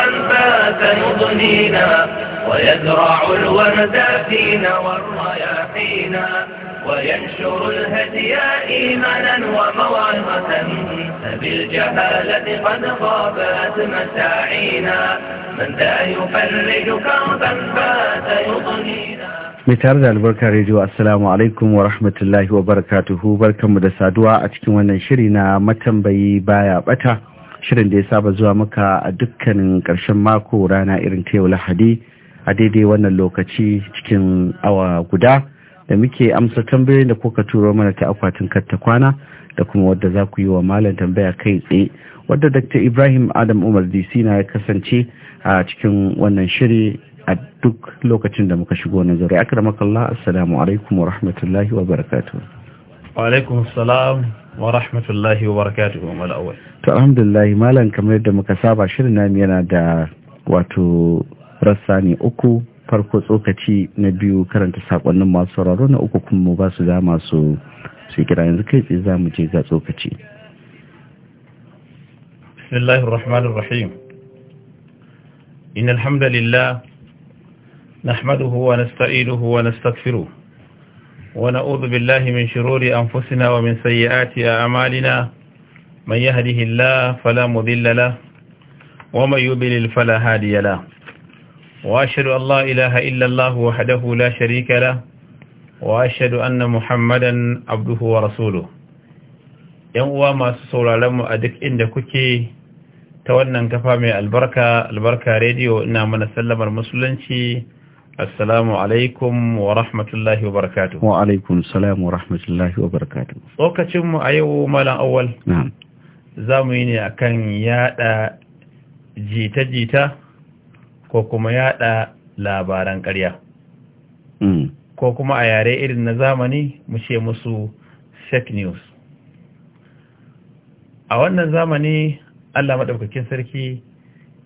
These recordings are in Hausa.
شبابا بات يضنينا ويزرع الورد فينا والرياحينا وينشر الهدي إيمانا وموعظة فبالجهالة قد غابت مساعينا من ذا يفرج كربا فات يضنينا mitar tare da albarka rediyo assalamu alaikum wa rahmatullahi wa barakatuhu barkanmu da saduwa a cikin wannan shiri na matambayi baya bata shirin da ya saba zuwa muka a dukkanin ƙarshen mako rana irin ta yau lahadi a daidai wannan lokaci cikin awa guda da muke amsa tambayoyin da kuka turo mana ta akwatin katta kwana da kuma wadda za ku yi wa malam tambaya kai tsaye wadda dr ibrahim adam umar dc na ya kasance a cikin wannan shiri a duk lokacin da muka shigo nazari akramakallah assalamu alaikum wa rahmatullahi wa barakatuh wa alaikum assalam wa rahmatullahi wa barakatuhu mal awwal to alhamdulillah malam kamar yadda muka saba shirin nan yana da wato rassa ne uku farko tsokaci na biyu karanta sakonnin masu sauraro na uku kuma ba su dama su su kira yanzu kai tsaye za mu je ga tsokaci bismillahir rahmanir rahim innal hamdalillah nahmaduhu wa nasta'inuhu wa nastaghfiruh ونعوذ بالله من شرور أنفسنا ومن سيئات أعمالنا من يهده الله فلا مذل له ومن يضلل فلا هادي له وأشهد أن لا إله إلا الله وحده لا شريك له وأشهد أن محمدا عبده ورسوله ينقوى ما سسول لم أدك إن كتي ta wannan kafa mai albarka albarka rediyo ina mana sallamar musulunci Assalamu alaikum wa rahmatullahi wa barakatuhu. Wa alaikum salam wa rahmatullahi wa barakatuhu. Tsokacinmu a yau malam awal. Na'am. Za mu yi ne kan yada jita-jita ko kuma yada labaran ƙarya. Mm. Ko kuma a yare irin na zamani mu ce musu fake news. A wannan zamani Allah maɗaukakin sarki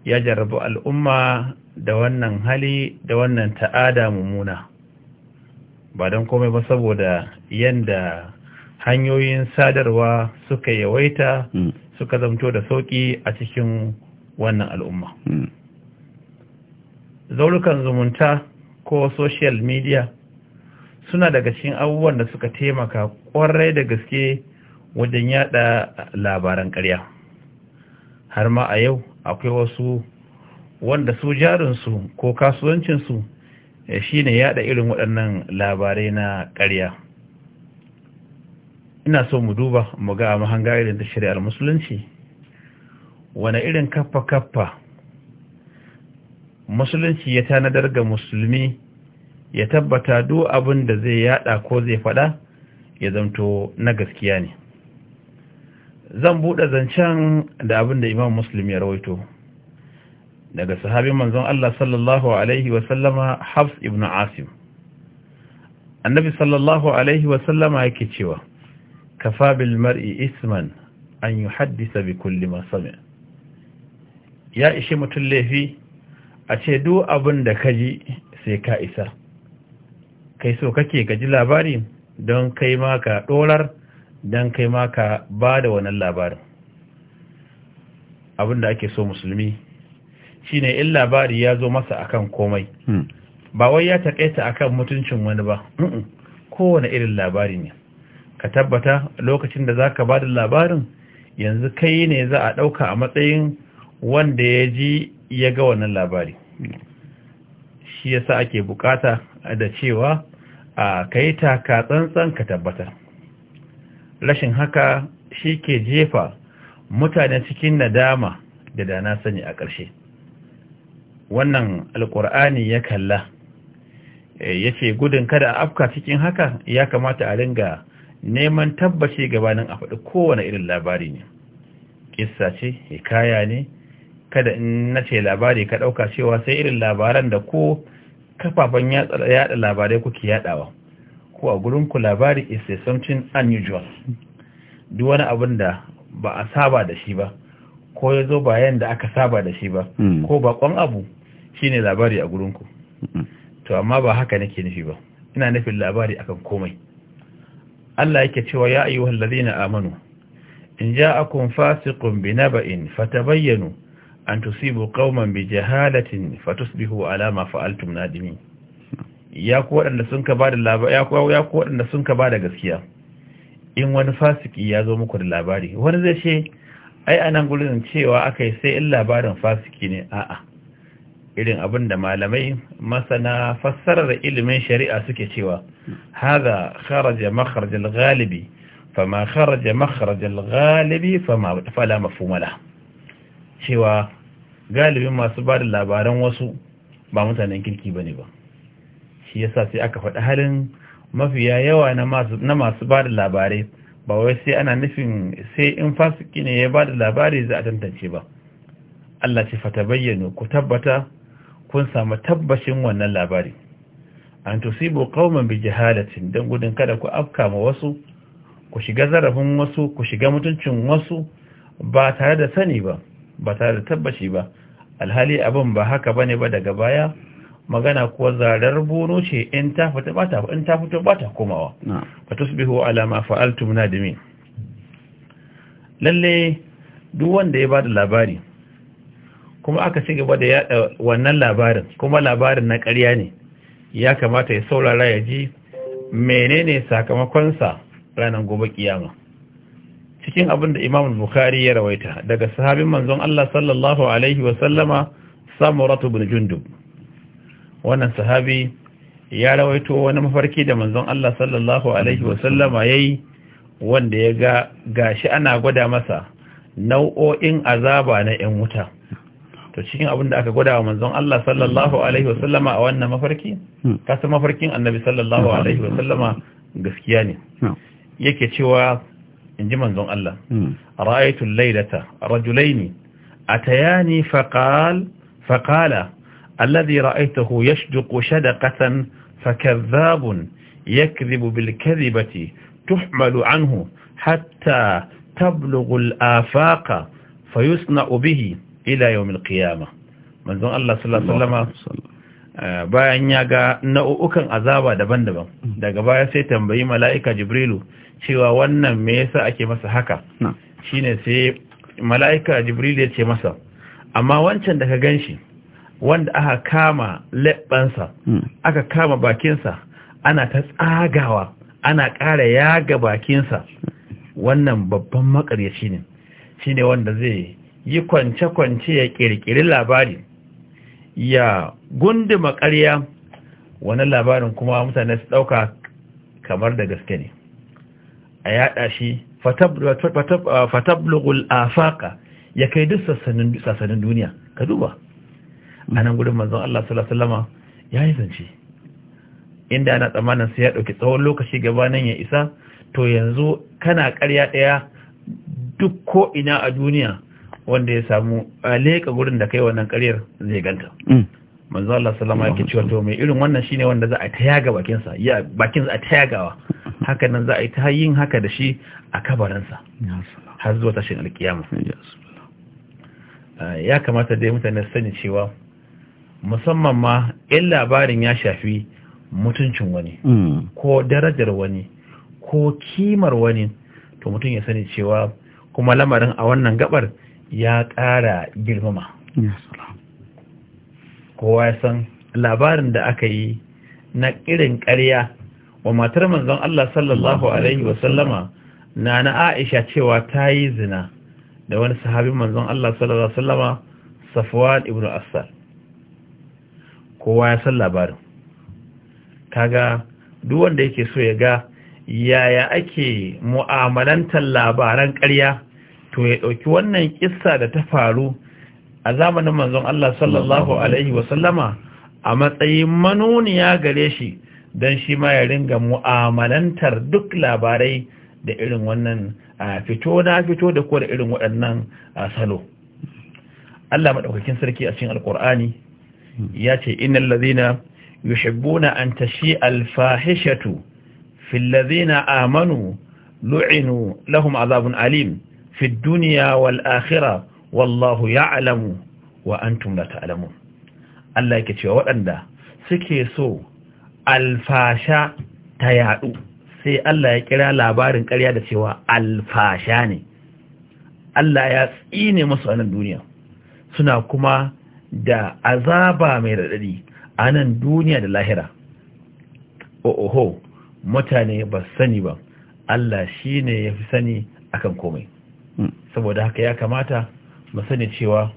ya jarrabu al'umma da wannan hali da wannan ta'ada mummuna ba don komai ba saboda yanda hanyoyin sadarwa suka yawaita mm. suka zamto da sauƙi a cikin wannan al'umma mm. zaurukan zumunta ko social media suna daga cikin abubuwan da suka taimaka kwarai da gaske wajen yada labaran karya har ma a yau akwai wasu wanda su jarinsu ko kasuwancinsu eh, shi ne yada irin waɗannan labarai na ƙarya ina so mu duba mu ga mahanga irin ta shari'ar musulunci wane irin kaffa-kaffa musulunci ya tanadar ga musulmi ya tabbata duk abin da zai yada ko zai faɗa, ya zamto na gaskiya ne zan buɗe zancen da abin da imam Musulmi ya rawaito daga sahabin manzon Allah sallallahu alaihi wasallama Hafs ibn Asim annabi sallallahu alaihi wasallama yake cewa kafa bil mar'i isman an yuhaddisa bi kulli ma ya ishe mutum laifi a ce duk abin da ka sai ka isa kai so kake gaji labarin, labari don kai maka ka dolar don kai maka bada ba da wannan labarin abin da ake so musulmi shine in labari ya zo masa akan komai hmm. ba wai ya takaita akan mutuncin wani ba kowane irin labari ne ka tabbata lokacin da za ka ba da labarin yanzu kai ne za a ɗauka a matsayin wanda ya ji ya ga wannan labari shi ya yasa ake bukata da cewa a kai taka tsantsan ka tabbata rashin haka shi ke jefa mutane cikin nadama da dana sani a ƙarshe wannan alkur'ani ya kalla eh, ya ce gudun kada a afka cikin haka ya kamata a ringa neman tabbaci gabanin a faɗi kowane irin labari ne ƙissa ce hikaya ne kada in na ce labari ka ɗauka cewa sai irin labaran da ko kafafen yada labarai kuke yadawa ko a gurinku labari is something unusual duk wani abin da ba a saba da shi ba ko ya zo bayan da aka saba da shi ba hmm. ko baƙon abu shine labari a gurinku to amma ba haka nake nufi ba ina nufin labari akan komai Allah yake cewa ya ayyuhal allazina amanu in ja'akum fasiqun binaba'in fatabayyanu an tusibu qauman bijahalatin fatusbihu ala ma fa'altum nadimin ya ku wadanda sun ka bada labari ya ku wadanda sun ka bada gaskiya in wani fasiki ya zo muku da labari wani zai ce ai anan gurin cewa akai sai in labarin fasiki ne a'a irin abin da malamai masana fassarar ilimin shari'a suke cewa haza kharaja makharajal galibi fama kharaja makharajal galibi fama fala mafhumala cewa galibin masu ba da labaran wasu ba mutanen kirki bane ba shi yasa sai aka faɗi halin mafiya yawa na masu ba da labarai ba wai sai ana nufin sai in fasiki ne ya ba da labari za a tantance ba Allah ce fata bayyano ku tabbata kun samu tabbashin wannan labari an tusibu qauman bi jahalatin dan gudun kada ku afka ma wasu ku shiga zarafin wasu ku shiga mutuncin wasu ba tare da sani ba ba tare da tabbaci ba alhali abin ba haka bane ba daga baya magana kuwa zarar bono ce in ta fita ba ta in ba ta komawa fa tusbihu ala ma fa'altum nadimin lalle duk wanda ya bada labari kuma aka ci gaba da yada wannan labarin kuma labarin na ƙarya ne ya kamata ya saurara ya ji menene sakamakonsa ranar gobe kiyama cikin abin da imam bukhari ya rawaita daga sahabin manzon Allah sallallahu alaihi wa sallama samuratu bin jundub wannan sahabi ya rawaito wani mafarki da manzon Allah sallallahu alaihi wa sallama yayi wanda ya ga gashi ana gwada masa nau'o'in azaba na 'yan wuta to cikin abin da aka gwada wa manzon Allah sallallahu alaihi wasallama a wannan mafarki kasar mafarkin annabi sallallahu alaihi wasallama gaskiya ne yake cewa in ji manzon Allah ra'aytul laylata rajulaini atayani faqal faqala alladhi ra'aytahu yashduqu shadaqatan fakadhabun yakdhibu bil kadhibati tuhmalu anhu hatta tablughu al afaqa fayusna bihi ila yawmil qiyama manzon Allah sallallahu alaihi wasallam eh, bayan ya ga nau'ukan azaba daban-daban daga baya sai tambayi mala'ika Jibrilu cewa wannan me yasa ake masa haka shine sai mala'ika Jibrilu ya ce masa amma wancan da ka ganshi wanda aka kama leɓɓansa hmm. aka kama bakinsa ana ta tsagawa ana ƙara yaga bakinsa wannan babban makaryaci ne shine wanda zai yi kwance-kwance ya ƙirƙiri labari ya gunduma ƙarya wani labarin kuma mutane su ɗauka kamar da gaske ne a yaɗa shi fatablugul afaka ya kai duk sassanin duniya ka duba a nan gudun manzon Allah salasalama ya yi zance inda ana tsammanin sai ya ɗauki tsawon lokaci gabanin ya isa to yanzu kana karya ɗaya duk ko ina a duniya wanda ya samu a leka gurin da kai wannan karyar zai ganta mm. manzo Allah sallama yake cewa to mai irin wannan shine wanda za a ta yaga bakin ya bakin a ta yagawa haka nan za a yi ta yin haka da shi a kabarin sa har zuwa tashin alkiyama ya kamata dai mutane sani cewa musamman ma in labarin ya shafi mutuncin wani mm. ko darajar wani ko kimar wani to mutum ya sani cewa kuma lamarin a wannan gabar ya ƙara girmama kowa ya san labarin da aka yi na irin ƙarya wa matar manzon Allah sallallahu alaihi wasallama na na Aisha cewa ta yi zina da wani sahabin manzon Allah sallallahu alaihi wasallama safuwar ibn Asar. kowa ya san labarin kaga duk wanda yake so ya ga yaya ake mu'amalantar labaran ƙarya to ya ɗauki wannan kissa da ta faru a zamanin manzon Allah sallallahu alaihi wasallama a matsayin manuniya gare shi don shi ma ya ringa mu'amalantar duk labarai da irin wannan fito na fito da ko da irin waɗannan salo Allah maɗaukakin sarki a cikin alƙur'ani ya ce innal lazina yuhibbuna an tashi alfahishatu fil amanu lu'inu lahum azabun alim fi duniya wal akhira wallahu ya'lamu wa antum la ta'lamun Allah yake cewa waɗanda suke so alfasha ta yadu sai Allah ya kira labarin ƙarya da cewa alfasha ne Allah ya tsine masu anan duniya suna kuma da azaba mai raɗaɗi a nan duniya da lahira o'oho mutane ba sani ba Allah shi ne ya fi sani akan komai saboda haka ya kamata mu sani cewa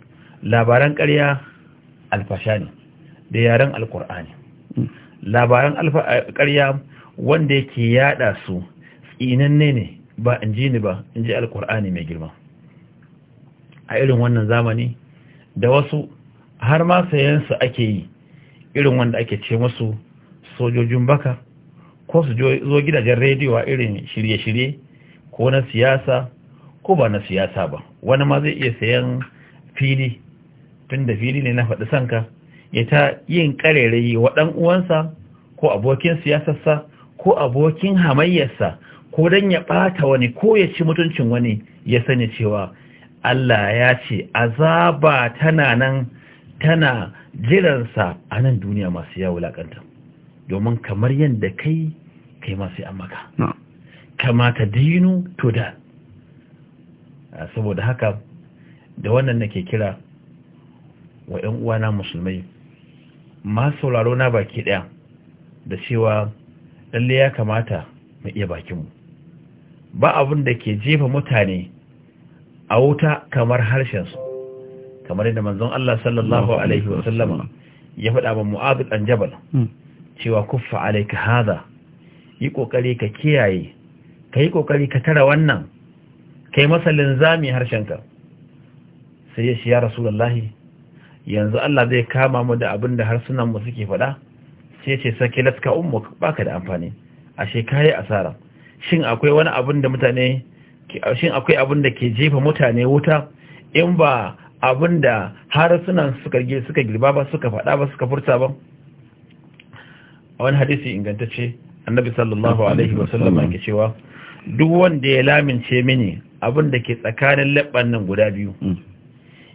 labaran ƙarya alfasha ne da yaren alkur'ani labaran ƙarya wanda yake yaɗa su tsinanne ne ba in ji ni ba in ji alkur'ani mai girma a irin wannan zamani da wasu har ma su ake yi irin wanda ake ce musu sojojin baka ko su zo gidajen rediyo a irin shirye-shirye ko na siyasa ko ba na siyasa ba wani ma zai iya sayan fili tun da fili ne na faɗi sanka ya ta yin ƙarerayi wa ɗan uwansa ko abokin siyasarsa ko abokin hamayyarsa ko don ya ɓata wani ko ya ci mutuncin wani ya sani cewa Allah ya ce azaba tana nan tana jiransa a nan duniya masu yawo lakanta domin kamar yadda kai kai masu amaka kama ta dinu to da Ah, saboda haka da wannan nake kira wa 'yan uwana musulmai masu sauraro na baki ɗaya da cewa lalle ya kamata mu iya bakinmu ba abin da ke jefa mutane a wuta kamar harshen su, kamar yadda manzon Allah sallallahu alaihi wa sallama ya faɗa wa mu'adh an jabal hmm. cewa kuffa alayka haza yi ƙoƙari ka kiyaye kai ƙoƙari ka tara wannan kai masa linzami harshenka sai ya shi ya rasulullahi yanzu Allah zai kama mu da abin da harsunan mu suke faɗa sai ce sake latka ummu baka da amfani ashe kai asara shin akwai wani abin da mutane shin akwai abin da ke jefa mutane wuta in ba abin da harsunan suka suka girba ba suka faɗa ba suka furta ba a wani hadisi ingantacce annabi sallallahu alaihi wasallam yake cewa duk wanda ya lamince mini abin da ke tsakanin labban nan guda biyu mm.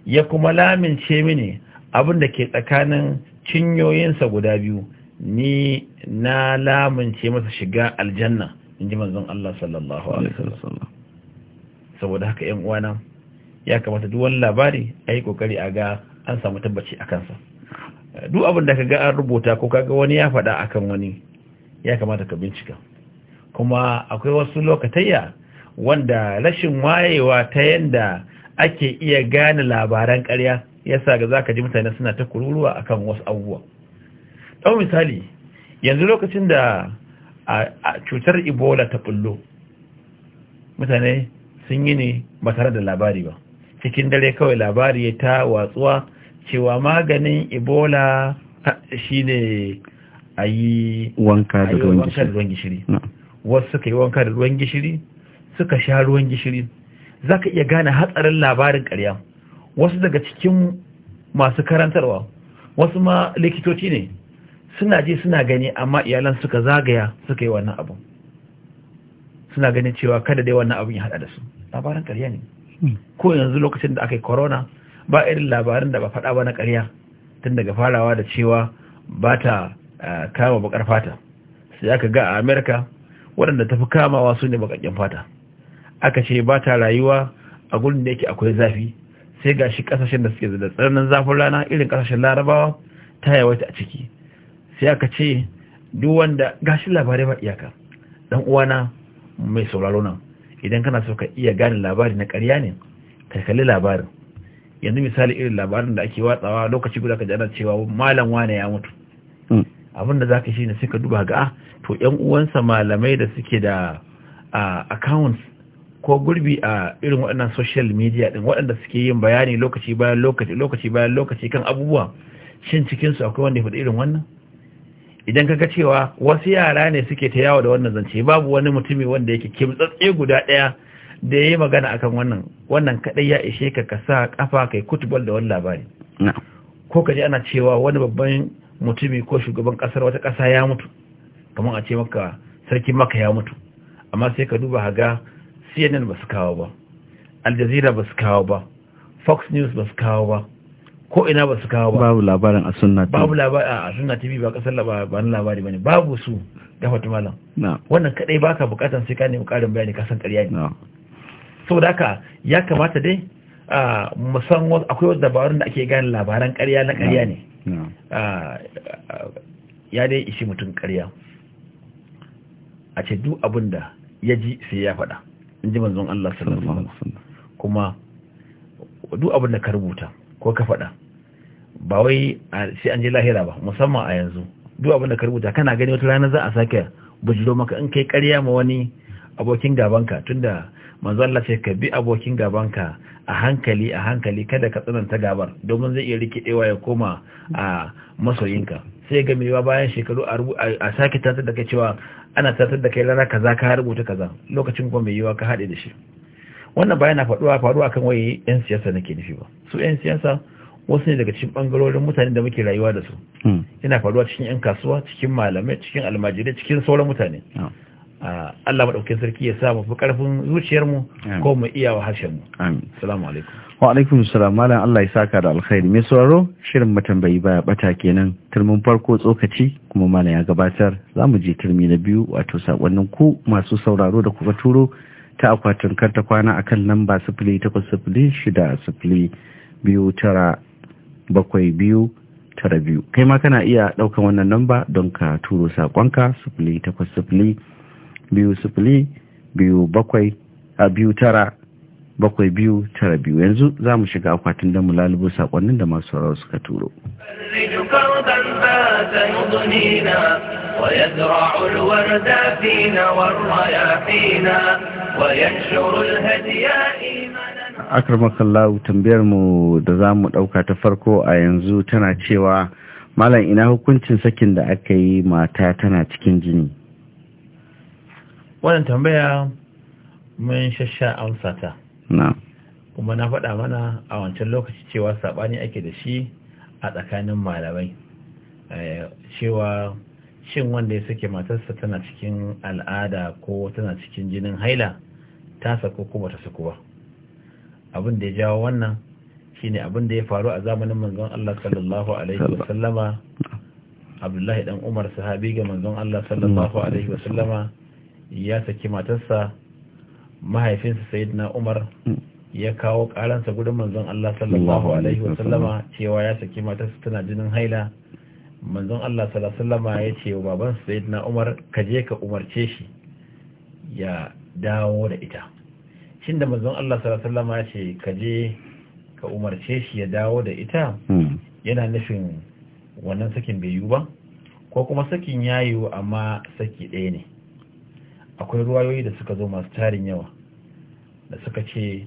ya kuma lamince mini abin da ke tsakanin cinyoyinsa guda biyu ni na lamince masa shiga aljanna in ji manzon Allah sallallahu alaihi wasallam saboda haka 'yan uwana ya kamata duk labari a yi kokari a ga an samu tabbaci a kansa duk abin da ka ga an rubuta ko kaga wani ya faɗa akan wani ya kamata ka bincika kuma akwai wasu lokatayya wanda rashin wayewa ta yanda ake iya gane labaran ƙarya yasa ga zaka ji mutane suna ta kururuwa akan wasu abubuwa ɗau misali yanzu lokacin da a cutar ebola ta ɓullo, mutane sun yi ne ba tare da labari ba cikin dare kawai labari ta watsuwa cewa maganin ebola shine a yi wanka da ruwan gishiri wasu suka yi wanka da ruwan gishiri suka sha ruwan gishiri za ka iya gane hatsarin labarin ƙarya wasu daga cikin masu karantarwa wasu ma likitoci ne suna ji suna gani amma iyalan suka zagaya suka yi wannan abu suna ganin cewa kada dai wannan abin ya hada da su labarin ƙarya ne hmm. ko yanzu lokacin da aka yi corona ba irin labarin da ba faɗa ba na ƙarya tun daga farawa da cewa ba ta eh, kama bakar fata sai aka ga a amerika waɗanda ta fi kamawa su ne bakakken fata aka ce ba ta rayuwa a gudun da yake akwai zafi sai ga shi kasashen da suke da tsananin zafin rana irin kasashen larabawa ta yawaita a ciki sai aka ce duk wanda shi labarai ba iyaka dan uwana mai sauraro nan idan kana so ka iya gane labari na karya ne ka kalli labarin yanzu misali irin labarin da ake watsawa lokaci guda ka jana cewa malam wane ya mutu hmm. abin da zaka shi ne sai ka duba ga ah, to yan uwansa malamai da suke da ah, accounts ko gurbi a irin waɗannan social media ɗin waɗanda suke yin bayani lokaci bayan lokaci lokaci bayan lokaci kan abubuwa shin cikinsu akwai wanda ya faɗi irin wannan idan ka ga cewa wasu yara ne suke ta yawo da wannan zance babu wani mutumi wanda yake kimtsatse guda ɗaya da ya yi magana akan wannan wannan kaɗai ya ishe ka ka sa kafa kai kutubal da wani labari ko ka ji ana cewa wani babban mutumi ko shugaban ƙasar wata ƙasa ya mutu kamar a ce maka sarki maka ya mutu amma sai ka duba haga cnn ba su kawo ba al jazeera ba su kawo ba fox news ba su kawo ba ko ina ba su kawo ba babu labarin a sunna tv babu labarin a sunna tv ba kasar labarin labari bane babu su fatu malam wannan kadai baka bukatan sai ka nemi karin bayani kasan ƙarya ne da haka ya kamata dai musan akwai wasu dabarun da ake gane labaran ƙarya na ƙarya ne ya dai ishi mutum ƙarya a ce duk abin da ya ji sai ya faɗa in ji manzon Allah sallallahu alaihi wasallam kuma duk abin da ka rubuta ko ka faɗa ba wai sai an je lahira ba musamman a yanzu duk abin da ka rubuta kana gani wata rana za a sake bujiro maka in kai ƙarya ma wani abokin gabanka tunda manzon Allah ce ka bi abokin gabanka a hankali a hankali kada ka tsananta gabar domin zai iya rikidewa ya koma a masoyinka sai ga mewa bayan shekaru a sake tatar da kai cewa ana tatar da kai lara kaza ka rubuta kaza lokacin kuma mai yiwa ka haɗe da shi wannan bayan na faɗuwa faruwa kan waye yan siyasa nake nufi ba su yan siyasa wasu ne daga cikin bangarorin mutane da muke rayuwa da su hmm. yana faruwa cikin yan kasuwa cikin malamai cikin almajirai cikin sauran mutane oh. Allah maɗaukin sarki ya sa mu fi ƙarfin zuciyarmu ko mu iya wa harshenmu. Amin. alaikum. wa alaikum salam malam Allah ya saka da alkhairi mai sauraro shirin matambayi baya bata kenan turmin farko tsokaci kuma mana ya gabatar za mu je turmi na biyu wato sakonnin ku masu sauraro da kuka turo ta akwatin karta kwana akan lamba sifili takwas sifili shida sifili biyu tara bakwai biyu tara biyu kai ma kana iya ɗaukan wannan namba don ka turo sakonka sifili takwas sifili biyu sifili biyu bakwai a biyu tara bakwai biyu tara biyu yanzu za mu shiga akwatin da mu lalubo sakonnin da masu sauraro suka turo ويزرع الورد tambayar mu da za mu ɗauka ta farko a yanzu tana cewa malam ina hukuncin sakin da aka yi mata tana cikin jini wannan tambaya mun shasha amsata kuma na faɗa mana a wancan lokaci cewa saɓani ake da shi a tsakanin malamai eh, cewa shin wanda ya sake matarsa tana cikin al'ada ko tana cikin jinin haila ta sako kuma ta sako ba abin da ya jawo wannan shine abin da ya faru a zamanin manzon Allah sallallahu alaihi wasallama Abdullahi dan Umar sahabi ga manzon Allah sallallahu alaihi wasallama ya saki matarsa mahaifinsa na umar hmm. ya kawo karansa gudun manzon Allah sallallahu alaihi wasallama cewa ya saki matarsa tana jinin haila manzon Allah sallallahu alaihi ya ce wa baban na umar ka je ka umarce shi ya dawo da ita shin da manzon Allah sallallahu ya ce ka je ka umarce shi ya dawo da ita hmm. yana nufin wannan sakin bai yiwu ba ko kuma sakin ya yiwu amma saki ɗaya ne akwai ruwayoyi da suka zo masu tarin yawa da suka ce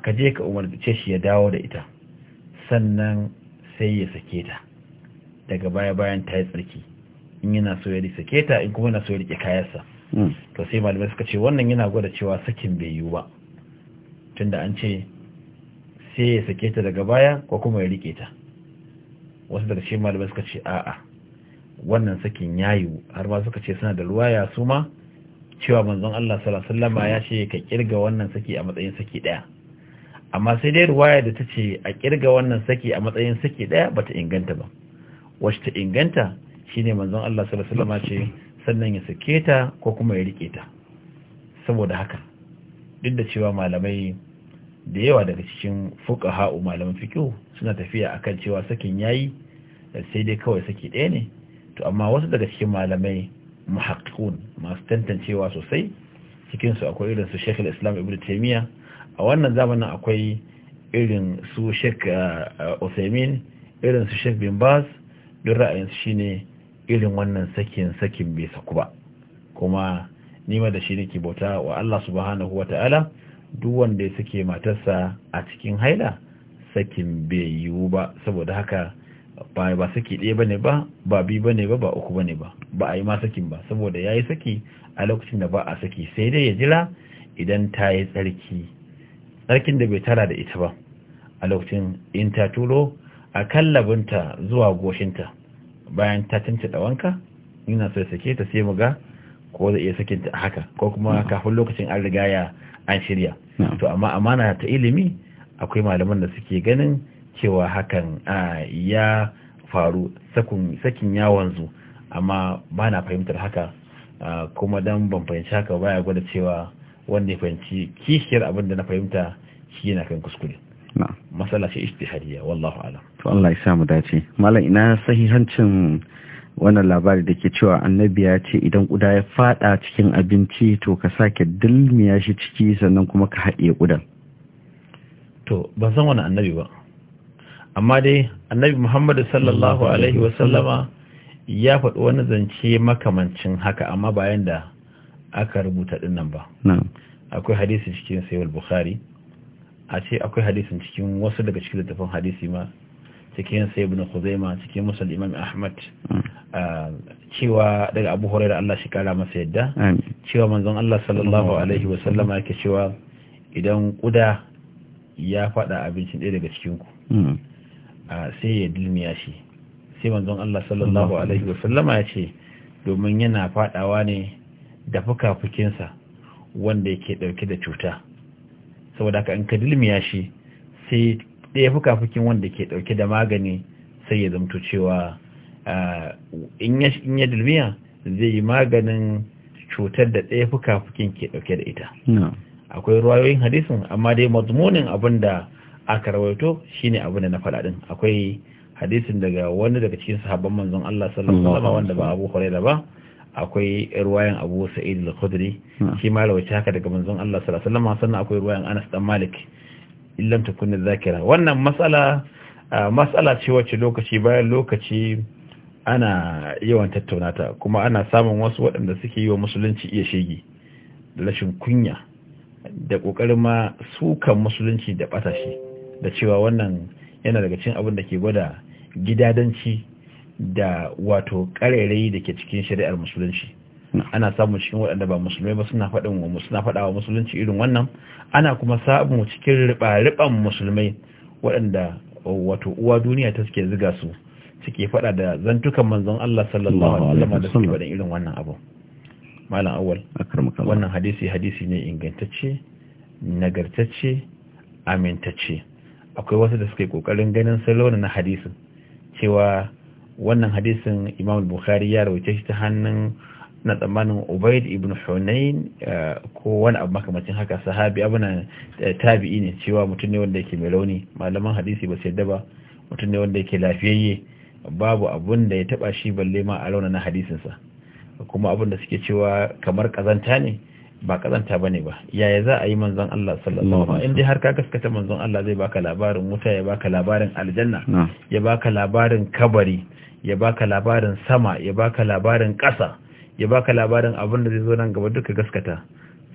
ka je ka umarce shi ya dawo da ita sannan sai ya sake ta daga baya bayan ta yi tsarki in yana so ya sake ta in kuma yana so ya rike kayansa hmm. to sai malamai suka ce wannan yana gwada cewa sakin bai yiwu ba tunda an ce sai ya sake ta daga baya ko kuma ya rike ta wasu daga cikin malamai suka ce a'a wannan sakin ya yiwu har ma suka ce suna da ruwaya su ma cewa manzon Allah sallallahu alaihi ya ce ka kirga wannan saki a matsayin saki daya amma sai dai ruwaya da tace a kirga wannan saki a matsayin saki daya bata inganta ba wacce ta inganta shine manzon Allah sallallahu alaihi wasallam ce sannan ya sake ta ko kuma ya rike ta saboda haka duk da cewa malamai da yawa daga cikin fuqaha malaman fiqh suna tafiya akan cewa sakin yayi sai dai kawai saki daya ne to amma wasu daga cikin malamai muhaqqiqun masu tantancewa sosai cikin su akwai irin su Sheikh al-Islam Ibn Taymiyyah a wannan zamanin akwai irin su Sheikh Uthaymeen irin su Sheikh Bin Baz duk ra'ayin su shine irin wannan sakin sakin bai saku ba kuma nima da shi nake bauta wa Allah subhanahu wa ta'ala duk wanda yake matarsa a cikin haila sakin bai yiwu ba saboda haka ba ba saki ɗaya bane ba ba biyu bane ba ba uku bane ba ba a yi ma sakin ba saboda ya yi saki a lokacin da ba a saki sai dai ya jira idan ta yi tsarki tsarkin da bai tara da ita ba a lokacin in ta turo a kan kallabinta zuwa goshinta bayan ta da wanka ina so sake ta sai mu ga ko zai iya sakin ta haka ko kuma hmm. kafin lokacin an riga ya an shirya hmm. to amma amana ta ilimi akwai malaman da suke ganin cewa hakan ya faru sakin ya wanzu amma ba na fahimtar haka kuma don ban fahimci haka ba ya gwada cewa wanda ya fahimci kishiyar abin da na fahimta shi yana kan kuskure matsala ce hariya wallahu ala. to Allah ya samu dace malam ina sahihancin wannan labari da ke cewa annabi ya ce idan kuda ya fada cikin abinci to ka sake dulmiya shi ciki sannan kuma ka haɗe kudan to ban san wani annabi ba amma dai annabi muhammadu sallallahu alaihi wasallama ya faɗi wani zance makamancin haka amma bayan da aka rubuta dinnan ba akwai hadisi cikin sayar bukhari a ce akwai hadisin cikin wasu daga cikin littafin hadisi ma cikin sai bin Khuzaima cikin musul imam Ahmad mm. cewa daga Abu da Allah shi kara masa yadda cewa manzon Allah sallallahu alaihi wa yake cewa idan kuda ya fada abincin ɗaya daga cikin ku mm. sai ya dilmiya shi sai manzon Allah sallallahu alaihi wa sallama ya ce domin yana fadawa ne da fukafukinsa wanda yake dauke da cuta saboda haka in ka dilmiya shi sai ɗaya fukafukin wanda ke dauke da magani sai ya zamto cewa in ya dilmiya zai yi maganin cutar da ɗaya fukafukin ke dauke da ita akwai ruwayoyin hadisin amma dai mazmunin abin da aka rawaito shine abin da na faɗa din akwai hadisin daga wani daga cikin sahabban manzon Allah sallallahu alaihi wanda ba Abu Hurairah ba akwai ruwayan Abu Sa'id al-Khudri hmm. shi ma rawaita haka daga manzon Allah sallallahu alaihi sannan akwai ruwayan Anas dan Malik illam takun zakira wannan mas'ala ah, mas'ala ce wacce lokaci bayan lokaci ana yawan tattaunata kuma ana samun wasu waɗanda suke yi wa musulunci iya shege da rashin kunya da ƙoƙarin ma sukan musulunci da ɓata da cewa wannan yana daga cikin abin da ke gwada gidadanci da wato ƙarairayi da ke cikin shari'ar musulunci ana samun cikin waɗanda ba musulmai ba suna faɗin wa suna faɗa wa musulunci irin wannan ana kuma samun cikin riɓa-riɓan musulmai waɗanda wato uwa duniya ta suke ziga su suke faɗa da zantukan manzon Allah sallallahu alaihi wasallam da suke faɗin irin wannan abu malam auwal wannan hadisi hadisi ne ingantacce nagartacce amintacce akwai wasu da suke kokarin ganin salona na hadisin cewa wannan hadisin imam bukhari ya rawace shi ta hannun na tsammanin ubaid ibn hunain eh, ko wani abu makamacin haka sahabi abu na eh, tabi'i ne cewa mutum ne wanda yake mai launi malaman hadisi ba su yadda ba mutum ne wanda yake lafiyayye babu abun da ya taba shi balle ma a launa na hadisinsa kuma abun da suke cewa kamar kazanta ne ba kazanta bane ba yaya za a yi manzon Allah sallallahu alaihi wasallam in har ka gaskata manzon Allah zai baka labarin wuta ya baka labarin aljanna ya baka labarin kabari ya baka labarin sama ya baka labarin ƙasa ya baka labarin abin da zai zo nan gaba duka gaskata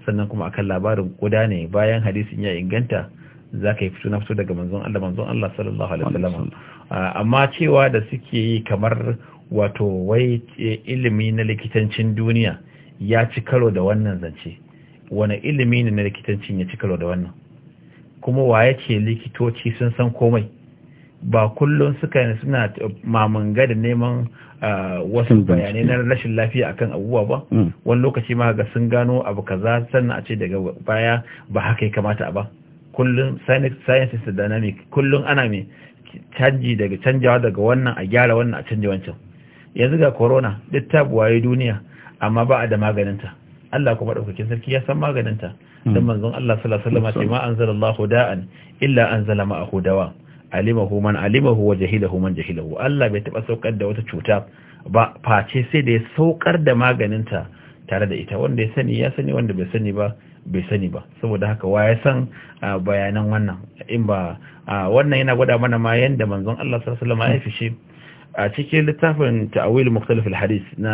sannan kuma akan labarin kuda ne bayan hadisin ya inganta za ka yi fito na fito daga manzon Allah manzon Allah sallallahu alaihi wasallam ah, amma cewa da suke yi kamar wato wai eh, ilimi na likitancin duniya ya ci karo da wannan zance wani ilimi ne na likitanci ya ci karo da wannan kuma wa yake likitoci sun san komai ba kullum suka yi suna mamanga da neman ah, wasu bayanai na rashin lafiya akan abubuwa ba mm. wani lokaci ma ga sun gano abu kaza sannan a ce daga baya ba haka ya kamata ba kullum science is dynamic kullum ana mai canji daga canjawa daga wannan a gyara wannan a canji wancan yanzu ga corona duk ta duniya amma ba a da maganinta Allah kuma daukakin sarki ya san maganinta dan hmm. manzon Allah sallallahu alaihi wasallam ma anzalallahu da'an illa anzala a dawa alimahu man alimahu wa jahilahu man jahilahu Allah bai taba saukar da wata cuta ba face sai da ya saukar da maganinta tare da ita wanda ya sani ya sani wanda bai sani ba bai sani ba saboda haka wa ya san bayanan wannan in ba wannan yana gwada mana ma yanda manzon Allah sallallahu alaihi wasallam ya fishi a cikin littafin ta'awil mukhtalif al na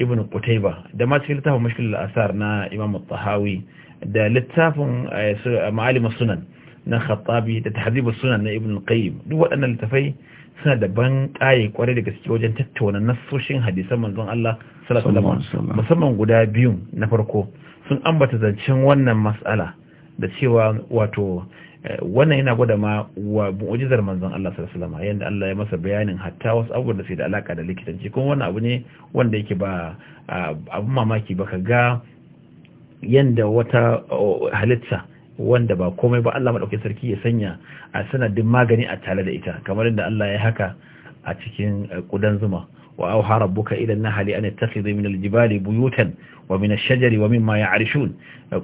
ibn Qutayba da ma cikin littafin mashkil al-asar na Imam al-Tahawi da littafin eh, eh, ma'alim sunan na Khattabi da tahdhib sunan na Ibn Qayyim duk waɗannan littafai suna da ban ƙaye kwarai da gaske wajen tattauna nassoshin hadisan manzon Allah sallallahu alaihi wasallam musamman guda biyu na farko sun ambata zancen wannan mas'ala da cewa wato wannan yana gwada ma wa mu'jizar manzon Allah sallallahu alaihi wasallam yanda Allah ya masa bayanin hatta wasu abubuwan da suke da alaka da likitanci kuma wannan abu ne wanda yake ba abun mamaki ba ka ga yanda wata halitta wanda ba komai ba Allah madaukakin sarki ya sanya a sanadin magani a tare da ita kamar yadda Allah ya haka a cikin kudan eh, zuma wa auha rabbuka ila nahli an tattakhidha min aljibali buyutan wa min ash-shajari wa mimma ya'rishun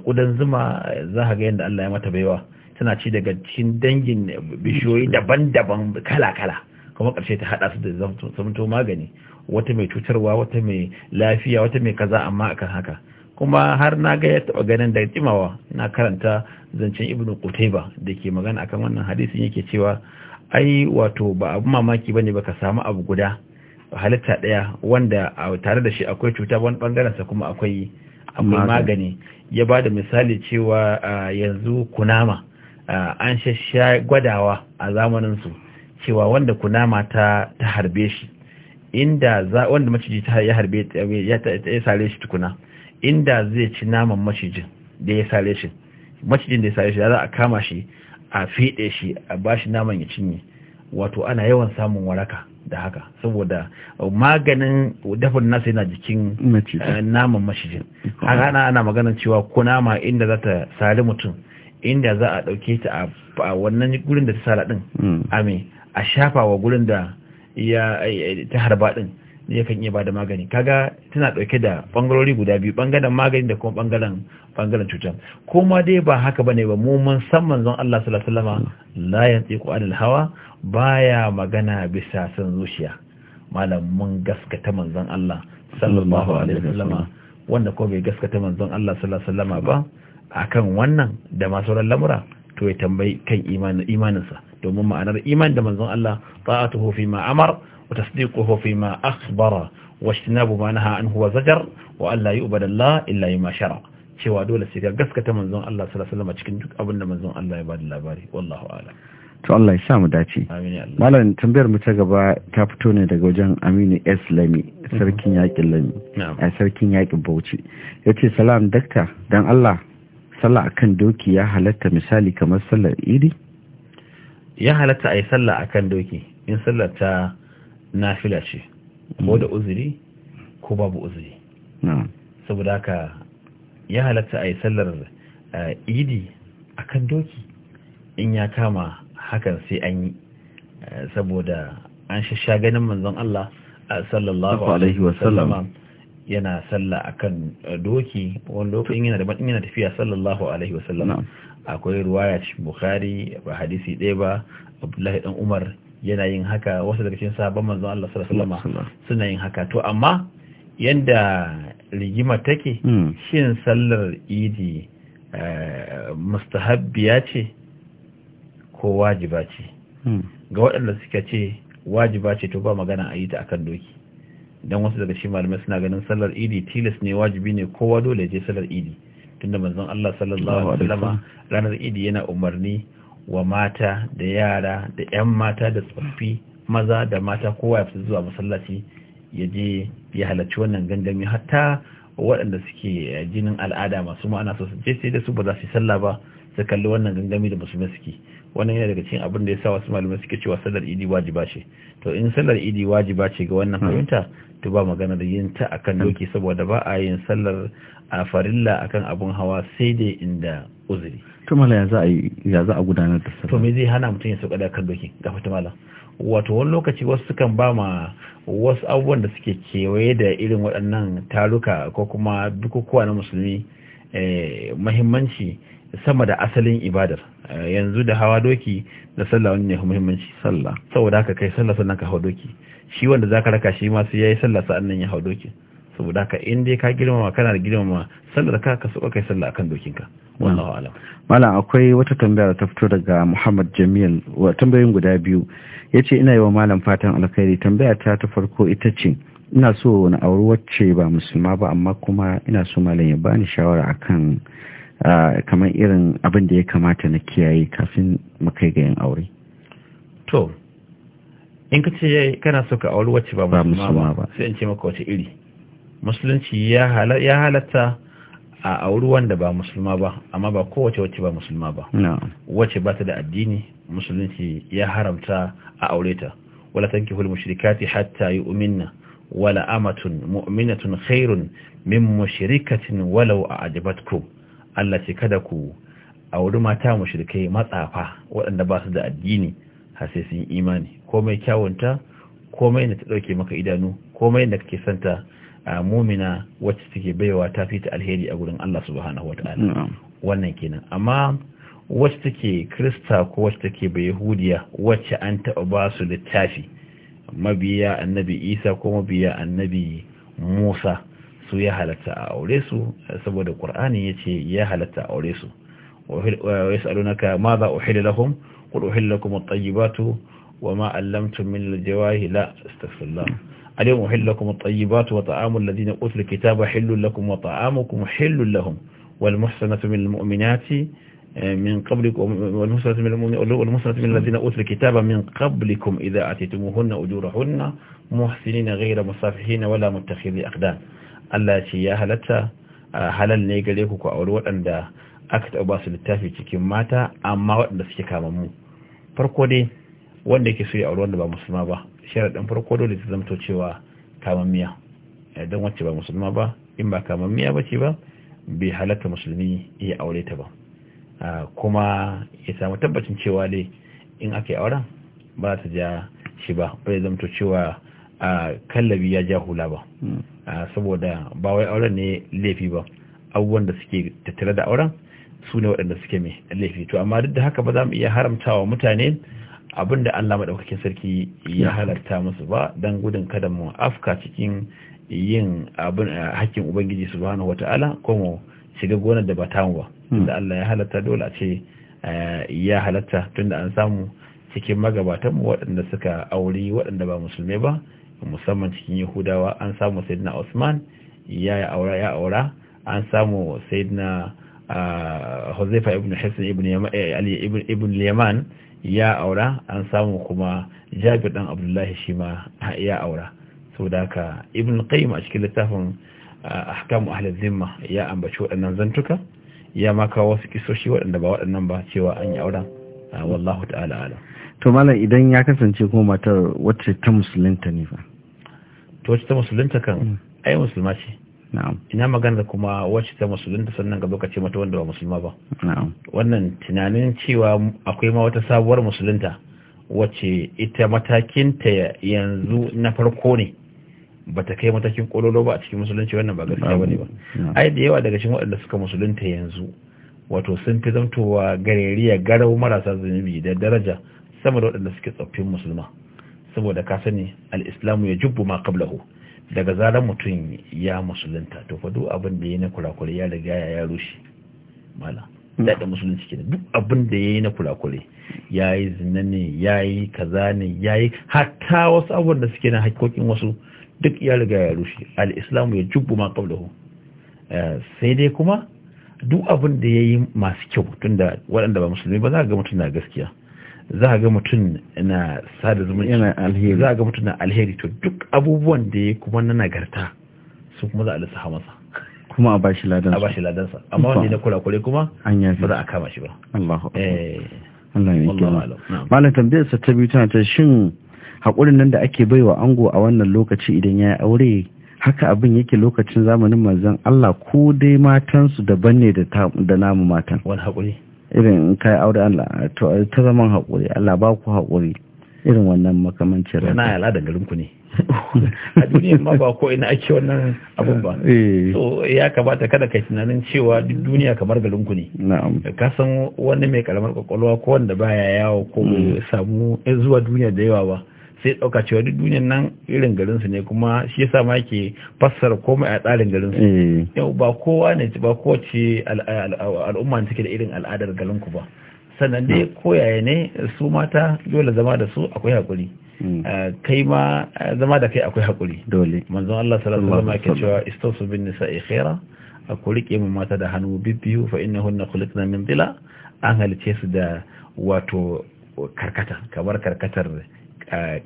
kudan zuma eh, za ga yanda Allah ya mata baiwa tana ci daga cikin dangin bishiyoyi daban-daban kala-kala kuma ƙarshe ta haɗa su da zamto magani wata mai cutarwa wata mai lafiya wata mai kaza amma akan haka kuma har na ga ya taɓa ganin da tsimawa na karanta zancen ibnu kuteba da ke magana akan wannan hadisi yake cewa ai wato ba abu mamaki bane ka samu abu guda halitta daya wanda tare da shi akwai cuta wani bangaren sa kuma akwai akwai magani ya ba da misali cewa yanzu kunama an shasha gwadawa a zamanin su cewa wanda kunama ta harbe shi inda wanda maciji ta ya harbe ya sare shi tukuna inda zai ci naman macijin da ya sare shi macijin da ya sare shi za a kama shi a fiɗe shi a bashi naman ya cinye wato ana yawan samun waraka da haka saboda maganin dafin nasa yana jikin eh, naman macijin haka ana ana maganin cewa kunama inda za ta sare mutum inda za a ɗauke ta a wannan gurin da ta sara ɗin hmm. a me a shafa wa gurin da ya ta harba ɗin yakan iya bada magani kaga tana ɗauke da ɓangarori guda biyu ɓangaren magani da kuma ɓangaren ɓangaren cutar ko ma dai ba haka bane ba mu mun san manzon Allah sallallahu alaihi wasallam la yantiqu anil hawa baya magana bisa san zuciya malam mun gaskata manzon Allah sallallahu alaihi wasallam wanda ko bai gaskata manzon Allah sallallahu alaihi wasallam ba akan wannan da masu lamura to ya tambayi kan imaninsa domin ma'anar iman da manzon Allah hu fi ma amar wa hu fi ma akhbara wa istinabu ma naha anhu wa zajar wa alla yu'bada Allah illa ma shara cewa dole sai ga gaskata manzon Allah sallallahu alaihi wasallam cikin duk abin da manzon Allah ya bada labari wallahu a'lam to Allah ya sa mu dace malam tambayar mu ta gaba ta fito ne daga wajen Aminu S Lami sarkin yakin Lami a eh, sarkin yakin Bauchi yace salam dakta dan Allah sallah akan doki ya halatta misali kamar sallar idi ya halatta a yi sallah akan doki in sallar ta nafila ce ko da mm. uzuri ko babu uzuri saboda haka ya halatta a yi sallar eh, idi akan doki in ya kama hakan sai an yi eh, saboda an shasha ganin manzon Allah eh, sallallahu alaihi wasallam yana sallah akan eh, doki wanda lokacin yana da yana tafiya sallallahu alaihi wa sallam akwai ruwaya bukhari ba hadisi ɗaya ba abdullahi dan umar yana yin haka wasu daga cikin sahabban manzon Allah sallallahu alaihi wa sallam suna yin haka to amma yanda rigima take hmm. shin sallar idi eh, mustahabbiya ce ko wajiba ce hmm. ga waɗanda suka ce wajiba ce to ba magana a yi ta akan doki dan wasu daga shi malamai suna ganin sallar idi tilas ne wajibi ne kowa dole je sallar idi tunda manzon Allah sallallahu alaihi wasallam ranar idi yana umarni wa mata da yara da yan mata da tsoffi maza da mata kowa ya fita zuwa masallaci ya je ya halarci wannan gangami hatta waɗanda suke jinin al'ada masu ma'ana so su je sai da su ba za su yi sallah ba su kalli wannan gangami da musulmi suke wannan yana daga cikin abin da ya sa wasu malamai suke cewa sallar idi wajiba ce to in sallar idi wajiba ce ga wannan fahimta to ba magana da yin ta akan doki saboda ba a yin sallar a farilla akan abun hawa sai dai inda uzuri to mala ya za a ya za a gudanar da sallar to me zai hana mutum ya sauka da kan doki ga fata mala wato wani lokaci wasu sukan ba ma wasu abubuwan da suke kewaye da irin waɗannan taruka ko kuma bukukuwa na musulmi eh, muhimmanci. sama da asalin ibadar eh, yanzu da hawa doki da sallah wani ne muhimmanci sallah saboda haka kai sallah sannan ka hawa doki shi wanda zaka raka shi ma sai yayi sallah sannan ya hawa doki saboda haka in dai ka girmama kana da girmama sallar ka ka suka kai sallah akan dokin ka wallahu alam malam akwai wata tambaya da ta fito daga Muhammad Jamil wa tambayoyin guda biyu yace ina yi wa malam fatan alkhairi tambaya ta ta farko ita ce ina so na auri wacce ba musulma ba amma kuma ina so malam ya bani shawara akan Ah, kamar irin abin da ya kamata na kiyaye kafin makai ga yin aure to in ka ce kana so ka auri wacce ba musulma ba sai in ce maka wace iri musulunci ya halatta a auri wanda ba musulma ba amma ba kowace wacce ba musulma ba wacce ba ta da addini musulunci ya haramta a aure ta wala hul mushrikati hatta yi umina wala amatun mu'minatun khairun min mushrikatin walau a ajabatku Allah ce kada ku a wuri mata mushrikai matsafa waɗanda ba su da addini har sai sun imani komai kyawunta komai da ta ɗauke maka idanu komai da kake santa a mumina wacce take baiwa ta fita alheri a gurin Allah subhanahu wataala wannan kenan amma wacce take krista ko wacce take bai yahudiya wacce an taɓa ba su littafi mabiya annabi isa ko mabiya annabi musa su ya halatta a aure su saboda qur'ani yace ya halatta a aure su wa yasalunaka madha uhilla lahum qul uhilla lakum at-tayyibatu wama allamtum min al-jawahi la astaghfirullah uhilla اليوم أحل لكم الطيبات وطعام الذين أوتوا الكتاب حل لكم وطعامكم حل لهم والمحسنة من المؤمنات من قبلكم والمحسنة من والمحسنة من الذين أوتوا الكتاب من قبلكم إذا أتيتموهن أجورهن محسنين غير مصافحين ولا متخذي أقدام Allah ce ya halatta halal ne gare ku ku auri waɗanda aka taɓa ba su littafi cikin mata amma waɗanda suke kamammu farko dai wanda yake so ya auri wanda ba musulma ba sharaɗin farko dole ta zamto cewa kamammiya don wacce ba musulma ba in ba kamammiya ba ce ba bai halatta musulmi ya aure ta ba kuma ya samu tabbacin cewa dai in aka yi auren ba ta ja shi ba bai zamto cewa a kallabi ya ja hula ba hmm. saboda ba wai auren ne laifi ba abubuwan da suke tattare da auren su ne waɗanda suke mai laifi to amma duk da haka ba za mu iya haramta wa mutane abin da Allah maɗaukakin sarki ya hmm. halarta musu ba don gudun kada mu afka cikin yin abin hakkin ubangiji subhanahu wata'ala ko mu shiga gonar da ba ta mu ba hmm. da Allah ya halarta dole a ce ya halarta tunda an samu cikin magabatan mu waɗanda suka auri waɗanda ba musulmai ba musamman cikin yahudawa an samu sayyidina usman ya ya aura ya aura an samu sayyidina ah, huzaifa ibn hisan ibn eh, ali ibn yaman ya aura an samu kuma jabir dan abdullahi shi ma ya aura saboda ka ibn qayyim a cikin littafin ah, ahkamu ahli zimma ya ambaci waɗannan zantuka ya ma kawo wasu kisoshi waɗanda ba waɗannan ba cewa an yi auren ah, wallahu ta'ala to malam idan ya kasance kuma matar wacce ta musulunta ne fa wacce ta musulunta kan mm. ai musulma ce ina magana kuma wacce ta musulunta sannan ga lokaci mata wanda ba musulma ba wannan tunanin cewa akwai ma wata sabuwar musulunta wacce ita matakinta yanzu na farko ne ba ta kai matakin kololo ba a cikin musulunci wannan ba gaskiya bane ba ai da yawa daga cikin waɗanda suka musulunta yanzu wato sun fi zamtowa gareriya garau marasa zunubi da daraja sama da waɗanda suke tsoffin musulma saboda ka sani al'islamu ya jubbu ma qablahu daga zarar mutum ya musulunta to fa duk abin da yayi na kurakure ya riga ya yaro shi mala mm. da musulunci kenan duk abin da yayi na kurakure yayi zina ne yayi kaza ne yayi hatta wasu abubuwan da suke na hakokin wasu duk ya riga ya rushe al ya jubbu ma qablahu eh, sai dai kuma duk abin da yayi masu kyau tunda waɗanda ba musulmi ba za ga mutum na gaskiya za a ga mutum na sada zumunci za a ga mutum na alheri to duk abubuwan da ya kuma na nagarta su kuma za a lissafa masa kuma a bashi ladansa a bashi ladansa amma wanda na kula kula kuma ba za a kama shi ba Allahu eh. Allah ya kiyama malam tambayar sa ta biyu tana ta shin hakurin nan da ake baiwa ango a wannan lokaci idan ya aure haka abin yake lokacin zamanin manzon Allah ko dai matansu daban ne da namu matan wani hakuri irin in kai aure Allah to ta zaman haƙuri Allah ba ku haƙuri irin wannan makamancin rai na yala dangarin ku ne a duniya ma ba ko ina ake wannan abun ba eh. so ya kamata kada ka tunanin cewa duk duniya kamar garin ku ne ka san wani mai karamar kwakwalwa ko wanda baya yawo ko mm. samu zuwa duniya da yawa ba sai ɗauka cewa duk duniyan nan irin garinsu ne kuma shi yasa ma ke fassara komai a tsarin garinsu eh. yau ba kowa ne ba kowace al'umma ne take da irin al'adar garin ku ba sannan dai hmm. koyaye ne su mata dole zama da su akwai haƙuri hmm. eh, kai ma eh, zama da kai akwai hakuri dole manzon Allah sallallahu alaihi wasallam ke cewa istawsu bin nisa'i khaira ku rike mu mata da hannu bibbiyu fa innahunna khuliqna min dila an halice su da wato karkata kamar karkatar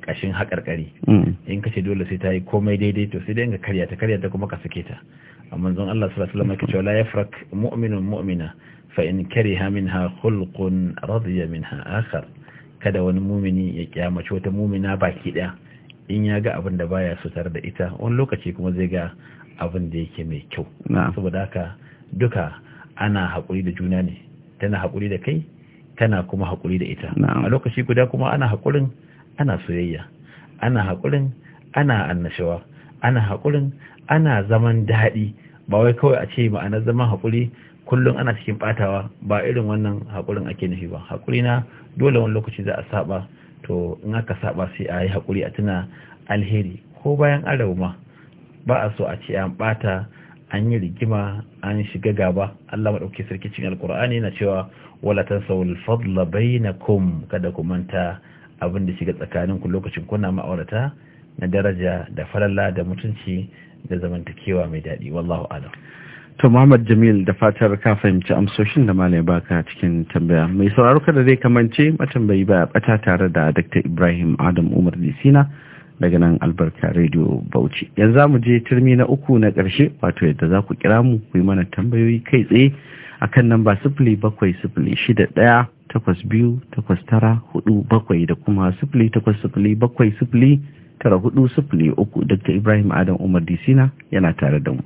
kashin haƙarƙari mm. in ka ce dole sai ta yi komai daidai to sai dai ga karya ta karya ta kuma ka sake ta amma zan Allah sallallahu alaihi wasallam ya cewa la yafrak mu'minun mu'mina fa in ha minha khulqun radiya minha akhar kada wani mumini ya kiyamace wata mumina baki ɗaya. in ya ga abin da baya sutar da ita wani lokaci kuma zai ga abin da yake mai kyau saboda haka duka ana haƙuri da juna ne tana haƙuri da kai tana kuma haƙuri da ita a lokaci guda kuma ana haƙurin ana soyayya ana haƙurin ana annashawa ana haƙurin ana zaman daɗi ba wai kawai a ce ma'anar zaman haƙuri kullum ana cikin ɓatawa ba irin wannan haƙurin ake nufi ba haƙuri na dole wani lokaci za a saba to in aka saba sai a yi haƙuri a tuna alheri ko bayan an ba a so a ce an ɓata an yi rigima an shiga gaba Allah maɗauki sarki cikin alkur'ani na cewa wala tansawul fadla bainakum kada ku manta abin da shiga tsakanin ku lokacin kuna ma'aurata na daraja da falalla da mutunci da zamantakewa mai daɗi wallahu alam to Muhammad Jamil da fatar ka fahimci amsoshin da malai baka cikin tambaya mai sauraro kada zai kamance matambayi ba bata tare da Dr. Ibrahim Adam Umar Disina daga nan albarka radio Bauchi yanzu za mu je turmi na uku na ƙarshe wato yadda za ku kira mu ku yi mana tambayoyi kai tsaye akan namba sifili bakwai sifili shida ɗaya takwas biyu takwas tara hudu bakwai da kuma sifili takwas sifili bakwai sifili tara hudu sifili uku dr ibrahim adam umar disina yana tare da mu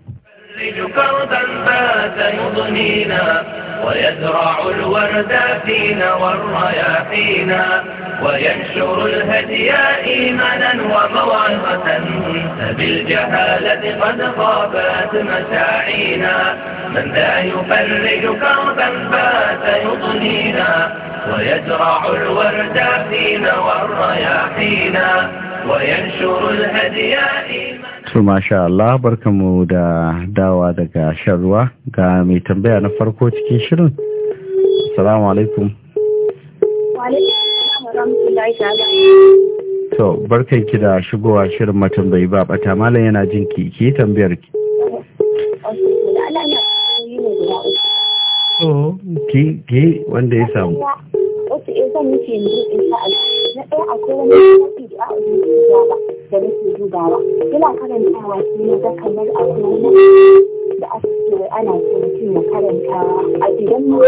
ويزرع الورد فينا والرياحينا وينشر الهدي إيمانا وموعظة فبالجهالة قد خابت مساعينا من ذا يفرج كربا بات يضنينا ويزرع الورد فينا والرياحينا وينشر الهدي To masha Allah barkamu da dawa daga shan ruwa ga mai tambaya na farko cikin shirin. Assalamu alaikum. To barkan ki da shigowa shirin matambayi ba bata malam yana jin ki ki tambayar ki. To ki ki wanda ya samu. Wasu ya samu ke yanzu in sha na ɗaya akwai wani littafi da aka rubuta ba da nake dubawa yana karantawa shi ne ga kamar akwai wani da ake ce wai ana so mutum ya karanta a idan ma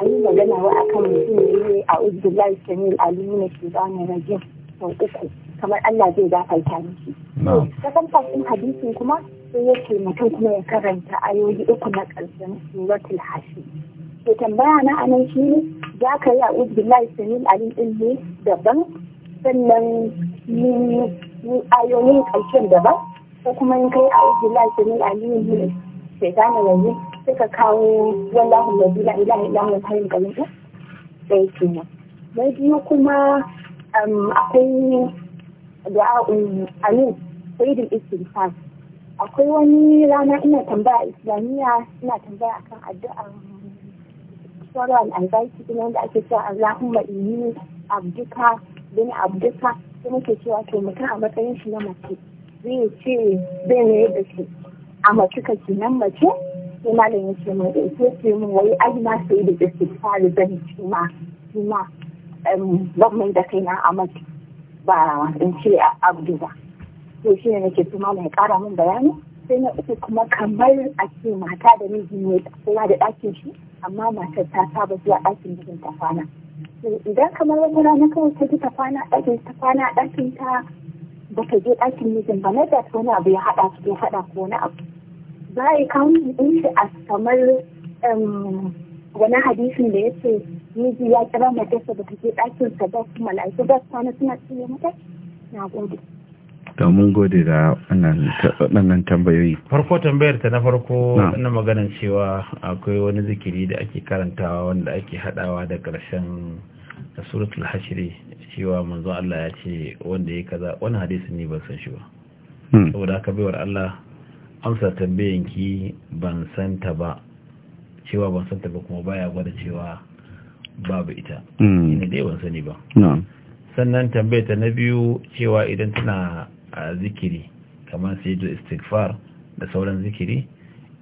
an yi magana wa akan mutum ya yi a ujubilai kamil aliyu na shugaban rajin sau uku kamar Allah zai gafarta miki. Ta part ɗin hadisin kuma sai yake mutum kuma ya karanta ayoyi uku na ƙarshen suratul hashi. to tambaya na anan shi ne za ka yi a billahi samil alim din ne daban sannan yi ayoyin ƙarshen daban ko kuma yin kai a billahi samil alim ne sai ta na yanzu sai ka kawo wallahu la bila ilaha illa huwa hayyul qayyum sai kenan na biyu kuma akwai du'a'un amin sayyidul istighfar akwai wani rana ina tambaya islamiyya ina tambaya akan addu'a pastoral anxiety din wanda ake cewa Allahumma inni abduka bin abduka sai muke cewa to mutum a matsayin shi na mace zai ce zai ne da shi a mace ka nan mace sai malam ya ce mai da eh, ita ce mu wai ai ma sai da istighfari zan ci ma ci ma ban mai da na a mace ba in ce abdu ba to shi ne nake su malam ya kara min bayani sai na uku kuma kamar a ce mata da miji ne kowa da ɗakin shi amma matar ta saba zuwa ɗakin mijin ta kwana idan kamar wani rana kawai ta ji ta kwana ɗakin ta kwana ɗakin ta ba ta je ɗakin mijin ba na da wani abu ya haɗa su ya haɗa ko wani abu za a yi kawo ɗin shi a kamar wani hadisin da ya ce miji ya kira matarsa ba ta je ɗakin sa ba kuma la'aiki ba kwana suna cire mata na gode. da mun gode da wannan tambayoyi farko tambayar ta na farko na maganin cewa akwai wani zikiri da ake karantawa wanda ake hadawa da karshen suratul hashiri cewa manzo Allah ya ce wanda ya kaza wani hadisi ne ban san shi ba hmm. saboda haka baiwar Allah amsa tambayan ki ban san ta ba cewa ban san ta ba kuma baya gwada cewa babu ita hmm. ina dai ban sani ba sannan tambayar ta na biyu cewa idan tana a zikiri kamar sayidu istighfar da sauran zikiri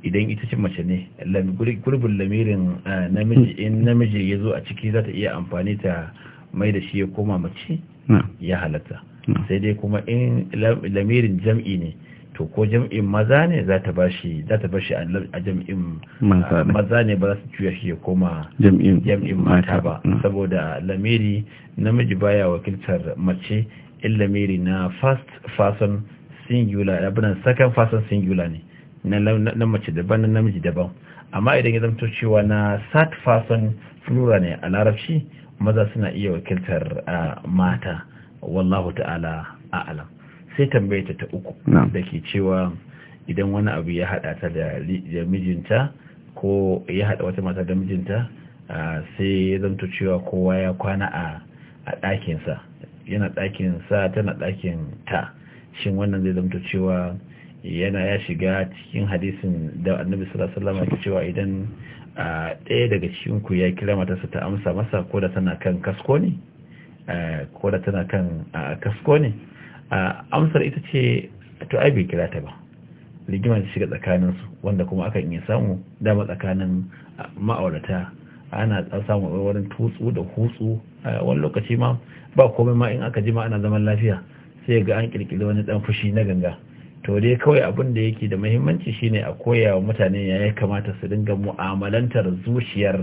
idan ita ce mace ne gurbin lamirin namiji in namiji ya zo a ciki za ta iya amfani ta mai da shi ya koma mace ya halatta sai dai kuma in lamirin jam'i ne to ko jam'in maza ne za ta bashi za ta bashi a jam'in maza ne ba za su juya shi ya koma jam'in mata ba saboda lamiri namiji baya wakiltar mace in lamiri na first person singular abinan second person singular ne na mace daban na namiji daban amma idan ya zamto cewa na third person plural ne a larabci maza suna iya wakiltar mata wallahu ta'ala a alam sai tambayeta ta uku da ke cewa idan wani abu ya hada ta da mijinta ko ya haɗa wata mata da mijinta sai ya zamto cewa kowa ya kwana a ɗakinsa yana ɗakin sa tana ɗakin ta shin wannan zai zamta cewa yana ya shiga cikin hadisin da annabi sallallahu alaihi wasallam cewa idan ɗaya daga cikin ku ya kira matarsa ta amsa masa ko da tana kan kasko ne ko da tana kan kasko ne amsar ita ce to ai bai kira ta ba rigima ta shiga tsakanin su wanda kuma akan iya samu dama tsakanin ma'aurata ana samu wurin tutsu da hutsu wani lokaci ma ba komai ma in aka jima ana zaman lafiya sai ga an kirkiri wani dan fushi na ganga to dai kawai abin da yake da muhimmanci shine a koya wa mutane ya ya kamata su dinga mu'amalantar zuciyar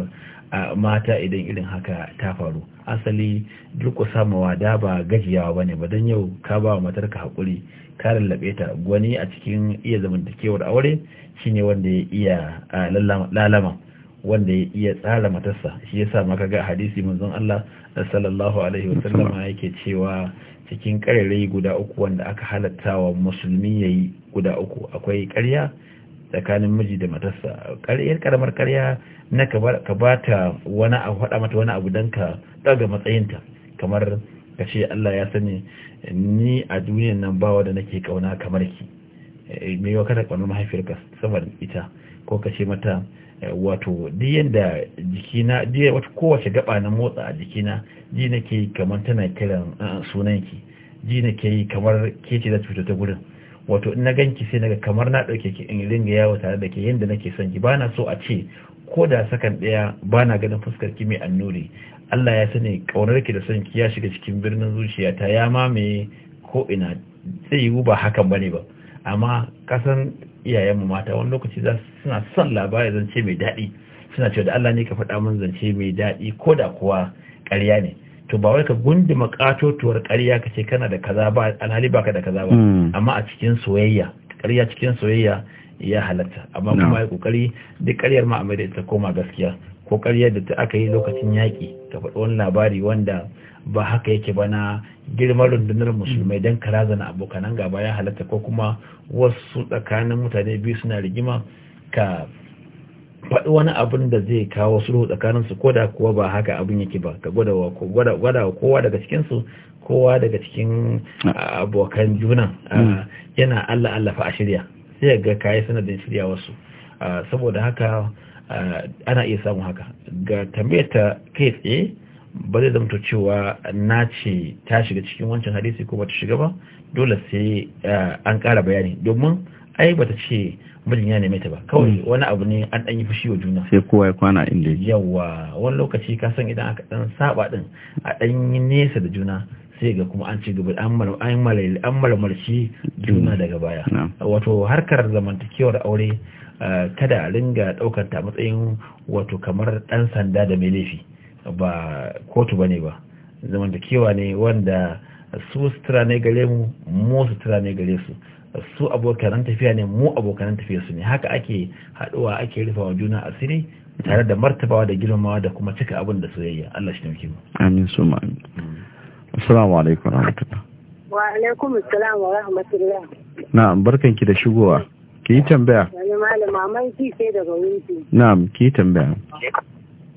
mata idan irin haka ta faru asali duk mawa da ba gajiyawa bane ba dan yau ka ba matar ka hakuri ka lallabe ta gwani a cikin iya zamantakewar aure shine wanda ya iya lalama wanda ya iya tsara matarsa shi yasa maka ga hadisi manzon Allah sallallahu alaihi wasallama yake cewa cikin karerai guda uku wanda aka halatta wa musulmi yayi guda uku akwai karya tsakanin miji da matarsa ƙaryar karamar ƙarya na ka ba ta wani abu faɗa mata wani abu don ka ɗaga matsayinta kamar ka ce Allah ya sani ni a duniyan nan bawa da nake kauna kamar ki eh, me yau kada kaunar mahaifiyarka sama saman ita ko ka ce mata wato gaɓa jikina diya wata kowace gaba na motsa a jikina ji ke kamar tana kiran sunanki ji ke yi kamar ke ce za ta fito ta gurin wato in na ganki sai naga kamar na ɗauke ki in ringa yawo tare da ke yanda nake son ki bana so a ce ko da sakan ɗaya bana ganin fuskar ki mai annuri Allah ya sani kaunar ki da son ki ya shiga cikin birnin zuciyata ya mamaye ko ina zai yiwu ba hakan bane ba amma kasan iyayen mu mata wani lokaci za suna son labari zance mai daɗi suna cewa da Allah ne ka faɗa min zance mai daɗi ko da kuwa ƙarya ne to ba wai ka gundi makatotuwar ƙarya ka ce kana da kaza ba alhali baka da kaza ba hmm. amma a cikin soyayya ƙarya cikin soyayya ya halatta amma kuma ya kokari duk ƙaryar ma a ta koma gaskiya ko ƙarya da ta aka yi lokacin yaƙi ka faɗi wani labari wanda ba haka yake ba na girman rundunar musulmai don karazana abokanan gaba ya halatta ko kuma wasu tsakanin mutane biyu suna rigima ka faɗi wani abin da zai kawo ruhu tsakanin su koda kuwa ba haka abin yake ba ka gwada wa kowa daga cikin su kowa daga cikin abokan juna ah, hmm. yana Allah Allah a shirya sai ga kayi sanadin shirya wasu ah, saboda haka ah, ana iya samun haka ga tambayar ta kai tsaye ba zai zama cewa na ce ta shiga cikin wancan hadisi ko bata shiga ba dole sai eh, an kara bayani domin ai bata ce mijin ya neme ta ba kawai mm. wani abu ne an ɗan yi fushi wa juna sai kowa ya kwana inda yawa wani lokaci ka san idan aka ɗan saba din a ɗan yi nesa da juna sai ga kuma an ci gaba an malamalci juna daga baya wato harkar zamantakewar aure eh, kada a ringa ɗaukar ta matsayin wato kamar ɗan sanda da mai laifi ba kotu bane ba zamantakewa ne wanda su sutura ne gare mu mu sutura ne gare su su abokanan tafiya ne mu abokanan tafiya su ne haka ake haɗuwa ake rufa wa juna asiri tare da martabawa da girmamawa da kuma cika abin da soyayya Allah shi ne muke amin su ma amin assalamu alaikum wa alaikum assalam wa rahmatullah na'am barkanki da shigowa ki yi tambaya wani malama man ki sai daga wuri na'am ki yi tambaya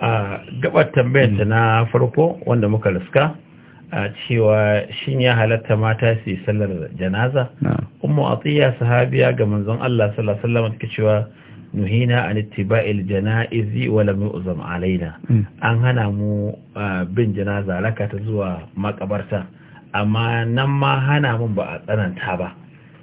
a gabar tambayar ta hmm. na farko wanda muka riska a cewa shin ya halatta mata su sallar janaza ummu atiya sahabiya ga manzon Allah sallallahu alaihi wasallam take cewa nuhina an ittiba'il janaizi wa lam yu'zam alaina hmm. an hana mu bin janaza raka ta zuwa makabarta amma nan ma hana mun ba a tsananta ba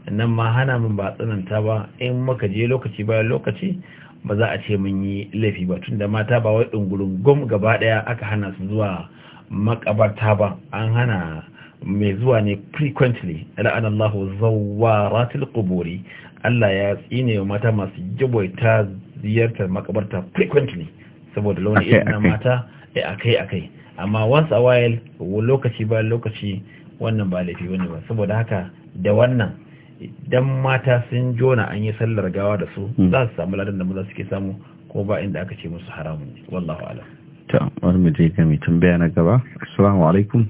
nan ma hana mun ba a tsananta ba in muka je lokaci bayan lokaci ba za a ce mun yi laifi ba tunda mata ba wai ɗungurin gwam gaba ɗaya aka hana su zuwa makabarta ba an hana mai zuwa ne frequently la'anallahu zawaratil quburi Allah ya tsine wa mata masu jiboita ziyartar makabarta frequently saboda launin irin na mata a eh, akai akai amma once a while lokaci ba lokaci wannan ba laifi wani ba saboda haka da wannan idan mata sun jona an yi sallar gawa da su hmm. za su samu ladan da maza suke samu ko ba inda aka ce musu haramu wallahu ala ta wani mu je ga mai tambaya na gaba assalamu alaikum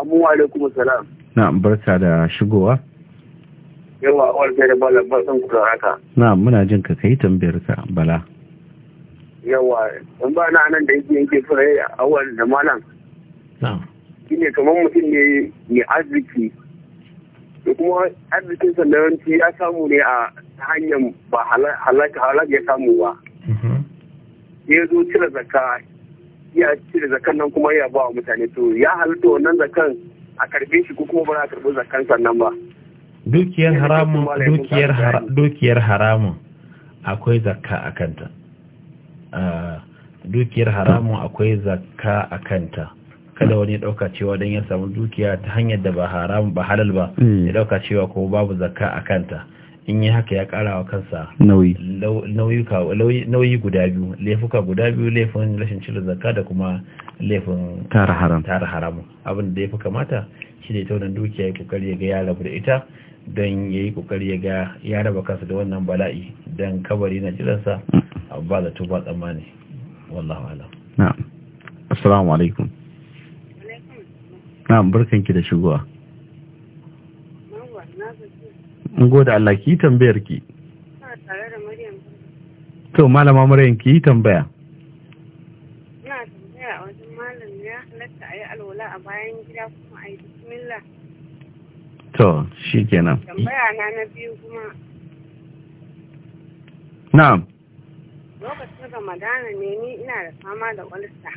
amu alaikum assalam na barka da shigowa yawa awar sai da bala barkan ku da haka na muna jin ka kai tambayar ka bala yawa in ba na nan da yake yake fure awar da malam na shine kamar mutum ne mai arziki da kuma arzikin sandaranci ya samu ne a hanyar ba halak ya samu ba mm-hmm. ya zo cire zaka ya cire zakan nan kuma ya ba wa mutane to ya halitta wannan zakan a karbe shi ko kuma ba a karbi zakan sannan ba dukiyar haramun dukiyar dukiyar haramun akwai zakka a kanta ah, dukiyar haramun akwai zakka a kanta kada wani ya dauka cewa dan ya samu dukiya ta hanyar da ba haram ba halal ba mm. ya dauka cewa ko babu zakka a kanta in yi haka ya kara wa kansa nauyi guda biyu laifuka guda biyu laifin rashin cire zakka da kuma laifin tara haram tara haramu abin da ya fi kamata shi ne ta dukiya ya kokari ga ya rabu da ita don ya yi kokari ga ya raba kansa da wannan bala'i don kabari na jiransa mm. ba zato ba tsammani wallahu alam assalamu alaikum na barkanki da shigowa in goda Allah ki yi tambayar ki to malama maryam ki tambaya na tambaya a wajen malam ya halatta a yi alwala a bayan gida kuma a yi bismillah to shi kenan tambaya na na biyu kuma na'am lokacin ramadana ne ni ina da fama da walsa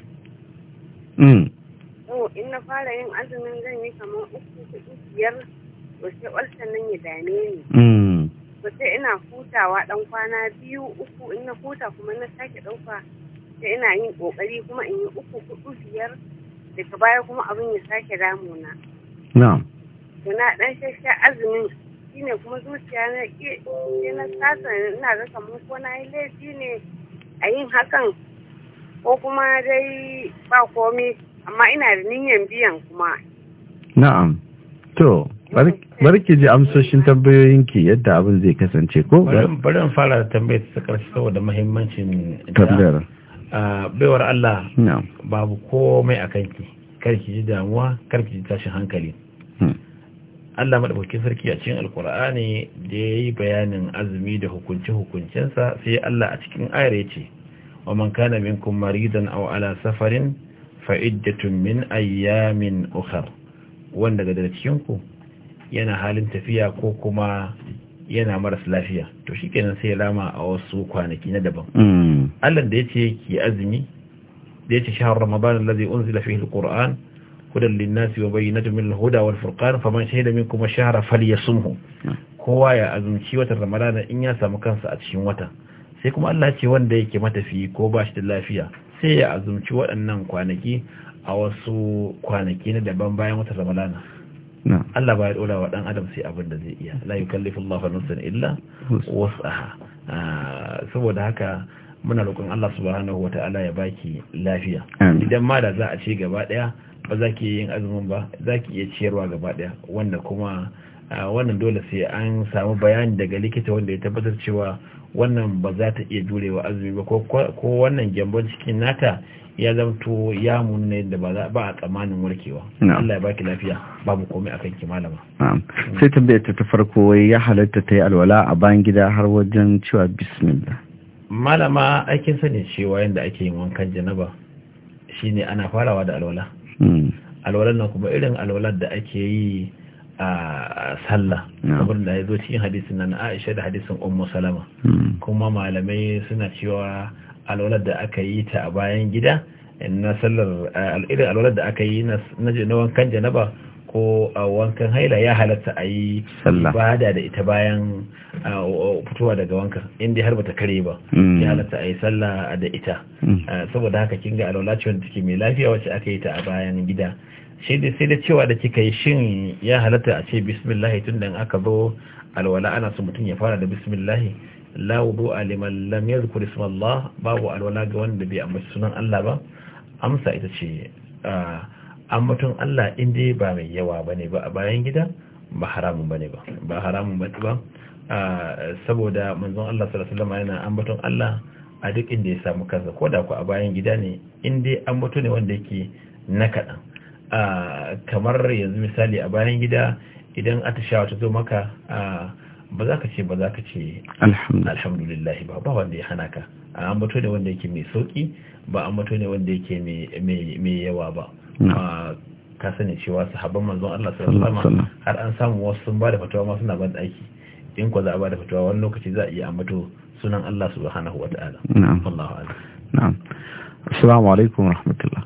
to in na fara yin azumin zan yi kamar uku hudu biyar to sai nan ya dame ni mm. to sai ina hutawa dan kwana biyu uku in na huta kuma na sake dauka sai ina yin kokari kuma in yi uku hudu biyar daga baya kuma abin ya sake damuna na to na dan shasha azumin shine kuma zuciya na ke sai na sasa ina ga kamar ko na yi laifi ne a yin hakan ko kuma dai ba komai amma ina da niyyar biyan kuma na'am to barki ji amsoshin tambayoyinki yadda abin zai kasance ko bari fara da tambayar ta karshe saboda muhimmancin tambayar baiwar Allah babu komai a kanki ki ji damuwa kar ki ji tashin hankali hmm. Allah madaukakin sarki a cikin alkur'ani da ya yi bayanin azumi da hukunci hukuncinsa sai Allah a cikin ayar ya ce wa man kana minkum maridan aw ala safarin fa'iddatun min ayyamin ukhar wanda daga cikin yana halin tafiya ko kuma yana maras lafiya to shi kenan sai rama a wasu kwanaki na daban mm. Allah da ya ce ki azumi da ya yace shahar ramadan alladhi unzila fihi alquran hudan linnasi wa bayyinatun min alhuda wal furqan faman kuma shahara fal ya sumhu kowa ya azumci watan ramadan in ya samu kansa a cikin wata sai kuma Allah ce wanda yake matafi ko ba shi da lafiya sai ya azumci waɗannan kwanaki a wasu kwanaki na daban bayan wata ramadana Allah ba ya ɗora wa ɗan adam sai abin da zai iya la yukallifu Allah nafsan illa aha ah, saboda haka muna roƙon Allah subhanahu ala ya baki lafiya idan ma da za a ce gaba ɗaya ba za ki yin azumin ba za ki iya ciyarwa gaba ɗaya wanda kuma wannan dole sai an samu bayani daga likita wanda ya tabbatar cewa wannan ba za ta iya jurewa azumi ba ko wannan gyambon cikin nata ya zamto ya munna yadda ba a tsamanin warkewa Allah ya baki lafiya babu komai akan ki malama sai tambayar ta farko wai ya halatta ta yi alwala a bayan gida har wajen cewa bismillah malama aikin sani cewa yadda ake yin wankan janaba shine ana farawa da alwala hmm. alwalar nan kuma irin alwalar da ake yi a sallah abin da ya zo cikin hadisin nan aisha da hadisin ummu salama hmm. kuma malamai suna cewa alwalar da aka yi ta a bayan gida na sallar al'irin alwalar da aka yi na wankan janaba ko a wankan haila ya halatta a yi bada da ita bayan fitowa daga wankan inda har bata kare ba hmm. ya halatta a yi sallah da ita hmm. saboda haka kinga alwala ce wanda take mai lafiya wacce aka yi ta a bayan gida sai da cewa da kika yi shin ya halatta a ce bismillah tun da aka zo alwala ana su mutum ya fara da bismillah la wudu aliman lam yadhkur ismallah babu alwala ga wanda bai ambaci sunan Allah ba amsa ita ce ambaton Allah in dai ba mai yawa bane ba a bayan gida ba haramun bane ba ba haramun ba ba saboda manzon Allah sallallahu alaihi wasallam yana ambaton Allah a duk inda ya samu kansa ko da ku a bayan gida ne in dai ambato ne wanda yake na kaɗan kamar yanzu misali a bayan gida idan atishawa ta zo maka ba za ka ce ba za ka ce alhamdulillahi ba ba wanda ya hana ka a ambato ne wanda yake mai sauki ba ambato ne wanda yake mai yawa ba ka sani cewa sahabban manzon Allah sallallahu alaihi har an samu wasu sun bada fatawa ma suna ban aiki in ko za a bada fatawa wani lokaci za a iya ambato sunan Allah subhanahu wataala na'am Allahu na'am assalamu alaikum rahmatullah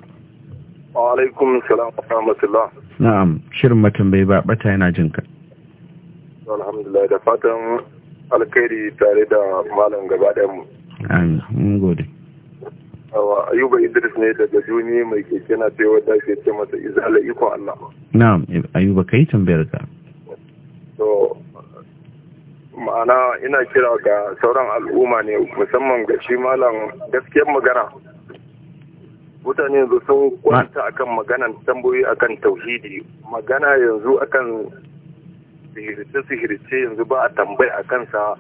wa alaikum salam wa rahmatullah na'am shirin mutum bai ba bata yana jin ka alhamdulillah da fatan alkhairi tare da malam gaba da mu amin mun gode awa ayuba idris ne daga juni mai keke na sai wadda ke ce masa izala ikon allah na'am ayuba kai tambayar ka to ma'ana ina kira ga sauran al'umma ne musamman ga shi malam gaskiyar magana mutane yanzu sun kwanta akan maganan tambayoyi akan tauhidi magana yanzu akan sihirce sihirce yanzu ba a tambaya a kansa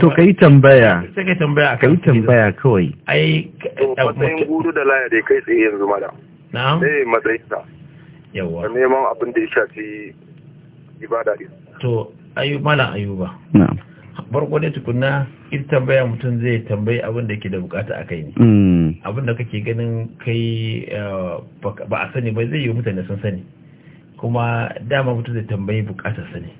to ka yi tambaya ka yi tambaya kawai ai eh, matsayin eh, gudu da laya dai kai tsaye yanzu mada na'am eh matsayin sa da neman abin da ya shafi ibada to ayu mala ayuba na farko tukuna. in tambaya mutum zai tambayi abin da ke da bukata a kai ne mm. abin da kake ganin kai eh, ba a sani ba zai yi mutane sun sani kuma dama mutum zai tambayi bukatar sani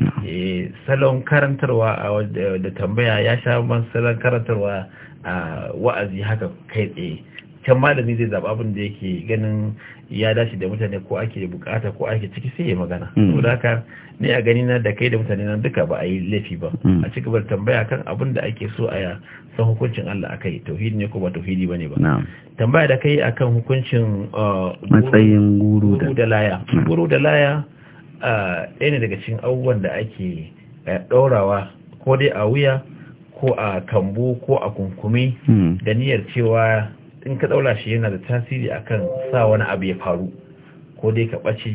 mm. eh, salon karantarwa eh, da tambaya ya sha man salon karantarwa a wa'azi haka kai tsaye can malami zai zaba abin da yake ganin ya dace da mutane ko ake bukata ko ake ciki sai ya magana hmm. da haka ne a gani na da kai da mutane nan duka ba a yi laifi ba hmm. a ci gaba tambaya kan abin da ake so a ya san hukuncin Allah akai tauhidi ne ko ba tauhidi bane ba tambaya da kai akan hukuncin uh, matsayin guru da laya guru da laya hmm. uh, ɗaya ne daga cikin abubuwan da ake uh, ɗaurawa ko dai a wuya ko a kambu ko a kunkumi da niyyar cewa in ka ɗaura shi yana da tasiri akan sa wani abu ya faru ko dai ka ɓace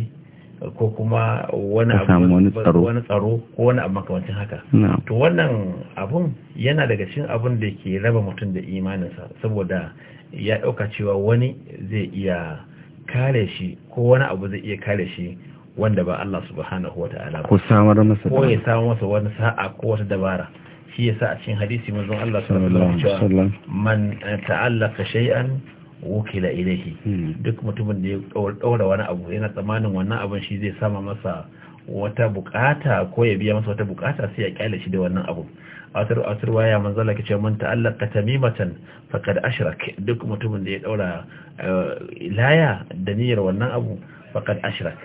ko kuma wani abu wani tsaro ko wani abu makamancin haka to wannan abun yana daga cikin abun da ke raba mutum da imaninsa saboda ya ɗauka cewa wani zai iya kare shi ko wani abu zai iya kare shi wanda ba Allah subhanahu wa ta'ala ko samar masa ko ya samar masa wani sa'a ko wata dabara shi yasa a cikin hadisi manzon Allah sallallahu alaihi wasallam man eh, ta'allaka shay'an wukila ilayhi hmm. duk mutumin da ya daura wani abu yana tsamanin wannan abin shi zai sama masa wata bukata ko ya biya masa wata bukata sai ya kyale shi da wannan abu atar atar waya manzala kace man ta'allaka tamimatan faqad ashrak duk mutumin da ya daura eh, laya da niyyar wannan abu faqad ashrak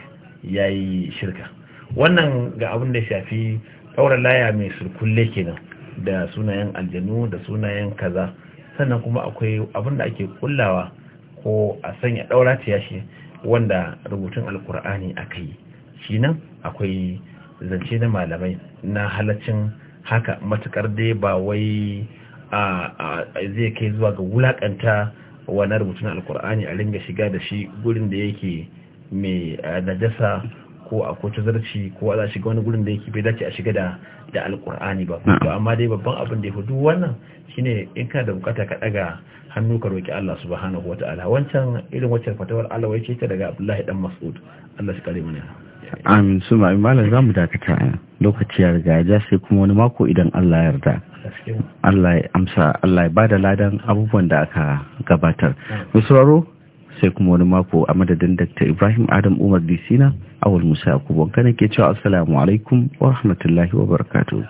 yayi shirka wannan ga abin da shafi daura laya mai surkulle kenan da sunayen aljanu da sunayen kaza sannan kuma akwai abin da ake kullawa ko a sanya daura ta yashi wanda rubutun alkur'ani aka yi shi nan akwai zance na malamai na halaccin haka matukar dai ba wai zai kai zuwa ga wulakanta wani rubutun alkur'ani a ringa shiga da shi gurin da yake mai eh, najasa ko a ko tazarci ko a shiga wani gurin da yake bai dace a shiga da alkur'ani ba to amma dai babban abin da ya fudu wannan shine in ka da bukata ka daga hannu ka roki Allah subhanahu wataala wancan irin wacce fatawar Allah wai ce ta daga Abdullahi dan Mas'ud Allah shi kare mana amin su malam za mu dakata lokaci ya riga ja sai kuma wani mako idan Allah ya yarda Allah ya amsa Allah ya bada ladan abubuwan da aka gabatar mu sai kuma wani mako a madadin Dr. Ibrahim Adam Umar Disina awal Musa Yakubu kana ke cewa assalamu alaikum wa rahmatullahi wa barakatuh